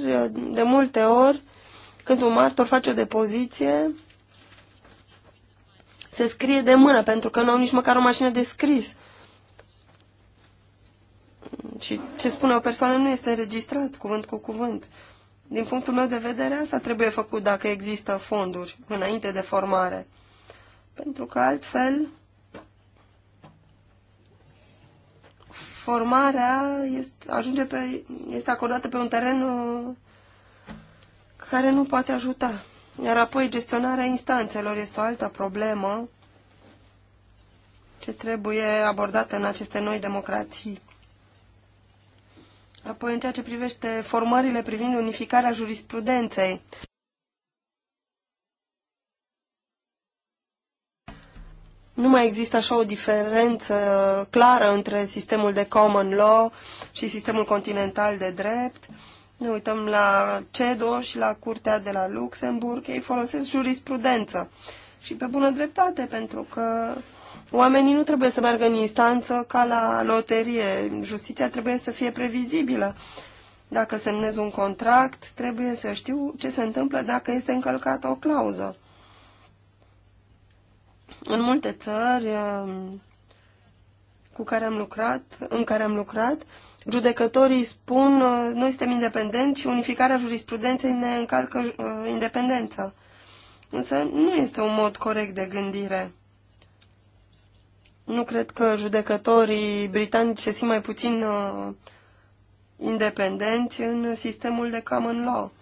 C: de multe ori, când un martor face o depoziție, se scrie de mână, pentru că nu au nici măcar o mașină de scris. Și ce spune o persoană nu este înregistrat, cuvânt cu cuvânt. Din punctul meu de vedere, asta trebuie făcut dacă există fonduri înainte de formare. Pentru că altfel formarea este, ajunge pe, este acordată pe un teren uh, care nu poate ajuta. Iar apoi gestionarea instanțelor este o altă problemă ce trebuie abordată în aceste noi democrații. Apoi, în ceea ce privește formările privind unificarea jurisprudenței, nu mai există așa o diferență clară între sistemul de common law și sistemul continental de drept. Ne uităm la CEDO și la Curtea de la Luxemburg, ei folosesc jurisprudență. Și pe bună dreptate, pentru că Oamenii nu trebuie să meargă în instanță ca la loterie. Justiția trebuie să fie previzibilă. Dacă semnez un contract, trebuie să știu ce se întâmplă dacă este încălcată o clauză. În multe țări um, cu care am lucrat, în care am lucrat, judecătorii spun uh, noi suntem independenți și unificarea jurisprudenței ne încalcă uh, independența. Însă nu este un mod corect de gândire. Nu cred că judecătorii britanici se simt mai puțin uh, independenți în sistemul de common law.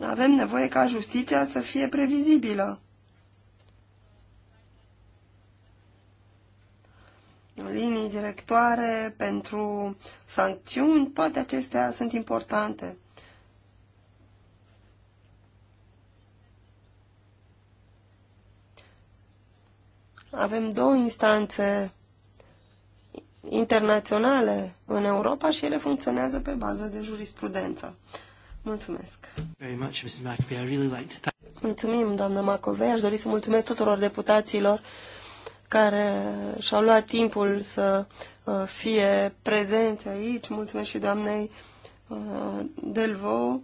C: Avem nevoie ca justiția să fie previzibilă. Linii directoare pentru sancțiuni, toate acestea sunt importante. Avem două instanțe internaționale în Europa și ele funcționează pe bază de jurisprudență. Mulțumesc! Mulțumim, doamnă Macovei. Aș dori să mulțumesc tuturor deputaților care și-au luat timpul să uh, fie prezenți aici. Mulțumesc și doamnei uh, Delvo.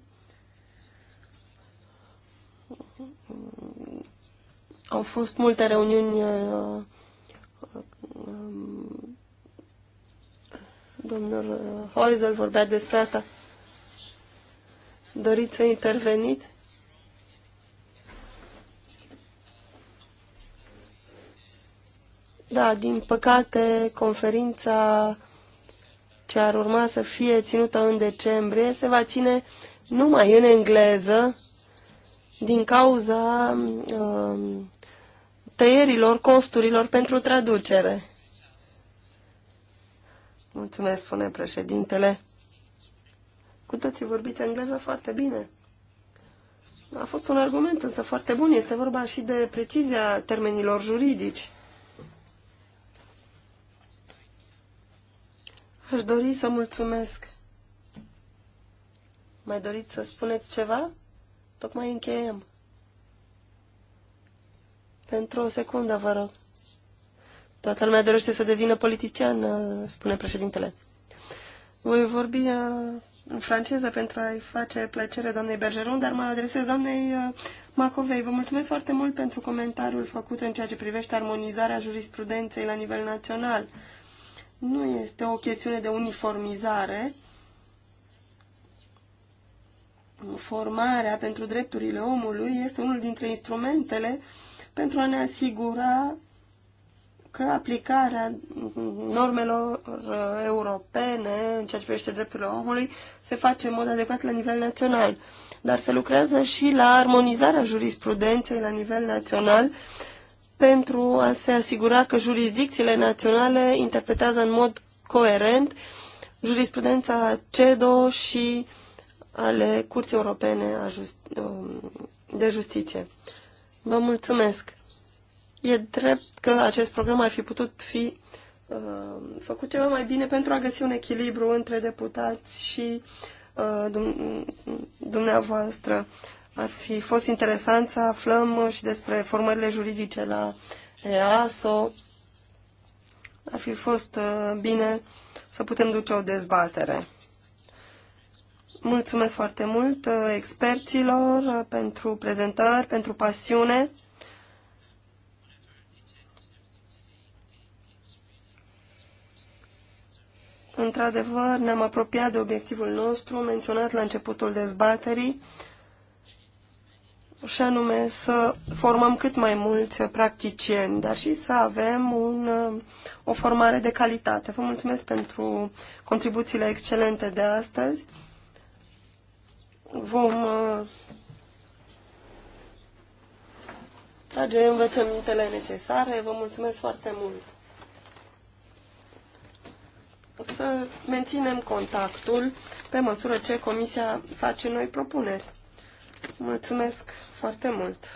C: Au fost multe reuniuni uh, uh, domnul Heusel vorbea despre asta. Doriți să interveniți? Da, din păcate, conferința ce ar urma să fie ținută în decembrie se va ține numai în engleză din cauza uh, tăierilor costurilor pentru traducere. Mulțumesc, spune președintele. Cu toții vorbiți engleză foarte bine. A fost un argument însă foarte bun. Este vorba și de precizia termenilor juridici. Aș dori să mulțumesc. Mai doriți să spuneți ceva? Tocmai încheiem. Pentru o secundă, vă rog. Toată lumea dorește să devină politician, uh, spune președintele. Voi vorbi uh, în franceză pentru a-i face plăcere doamnei Bergeron, dar mă adresez doamnei uh, Macovei. Vă mulțumesc foarte mult pentru comentariul făcut în ceea ce privește armonizarea jurisprudenței la nivel național. Nu este o chestiune de uniformizare. Formarea pentru drepturile omului este unul dintre instrumentele pentru a ne asigura că aplicarea normelor uh, europene în ceea ce privește drepturile omului se face în mod adecvat la nivel național. Dar se lucrează și la armonizarea jurisprudenței la nivel național pentru a se asigura că jurisdicțiile naționale interpretează în mod coerent jurisprudența CEDO și ale Curții Europene um, de Justiție. Vă mulțumesc. E drept că acest program ar fi putut fi uh, făcut ceva mai bine pentru a găsi un echilibru între deputați și uh, dum dumneavoastră. Ar fi fost interesant să aflăm și despre formările juridice la EASO. Ar fi fost uh, bine să putem duce o dezbatere. Mulțumesc foarte mult uh, experților uh, pentru prezentări, pentru pasiune. Într-adevăr, ne-am apropiat de obiectivul nostru menționat la începutul dezbaterii și anume să formăm cât mai mulți practicieni, dar și să avem un, uh, o formare de calitate. Vă mulțumesc pentru contribuțiile excelente de astăzi vom uh, trage învățămintele necesare. Vă mulțumesc foarte mult! Să menținem contactul pe măsură ce Comisia face noi propuneri. Mulțumesc foarte mult!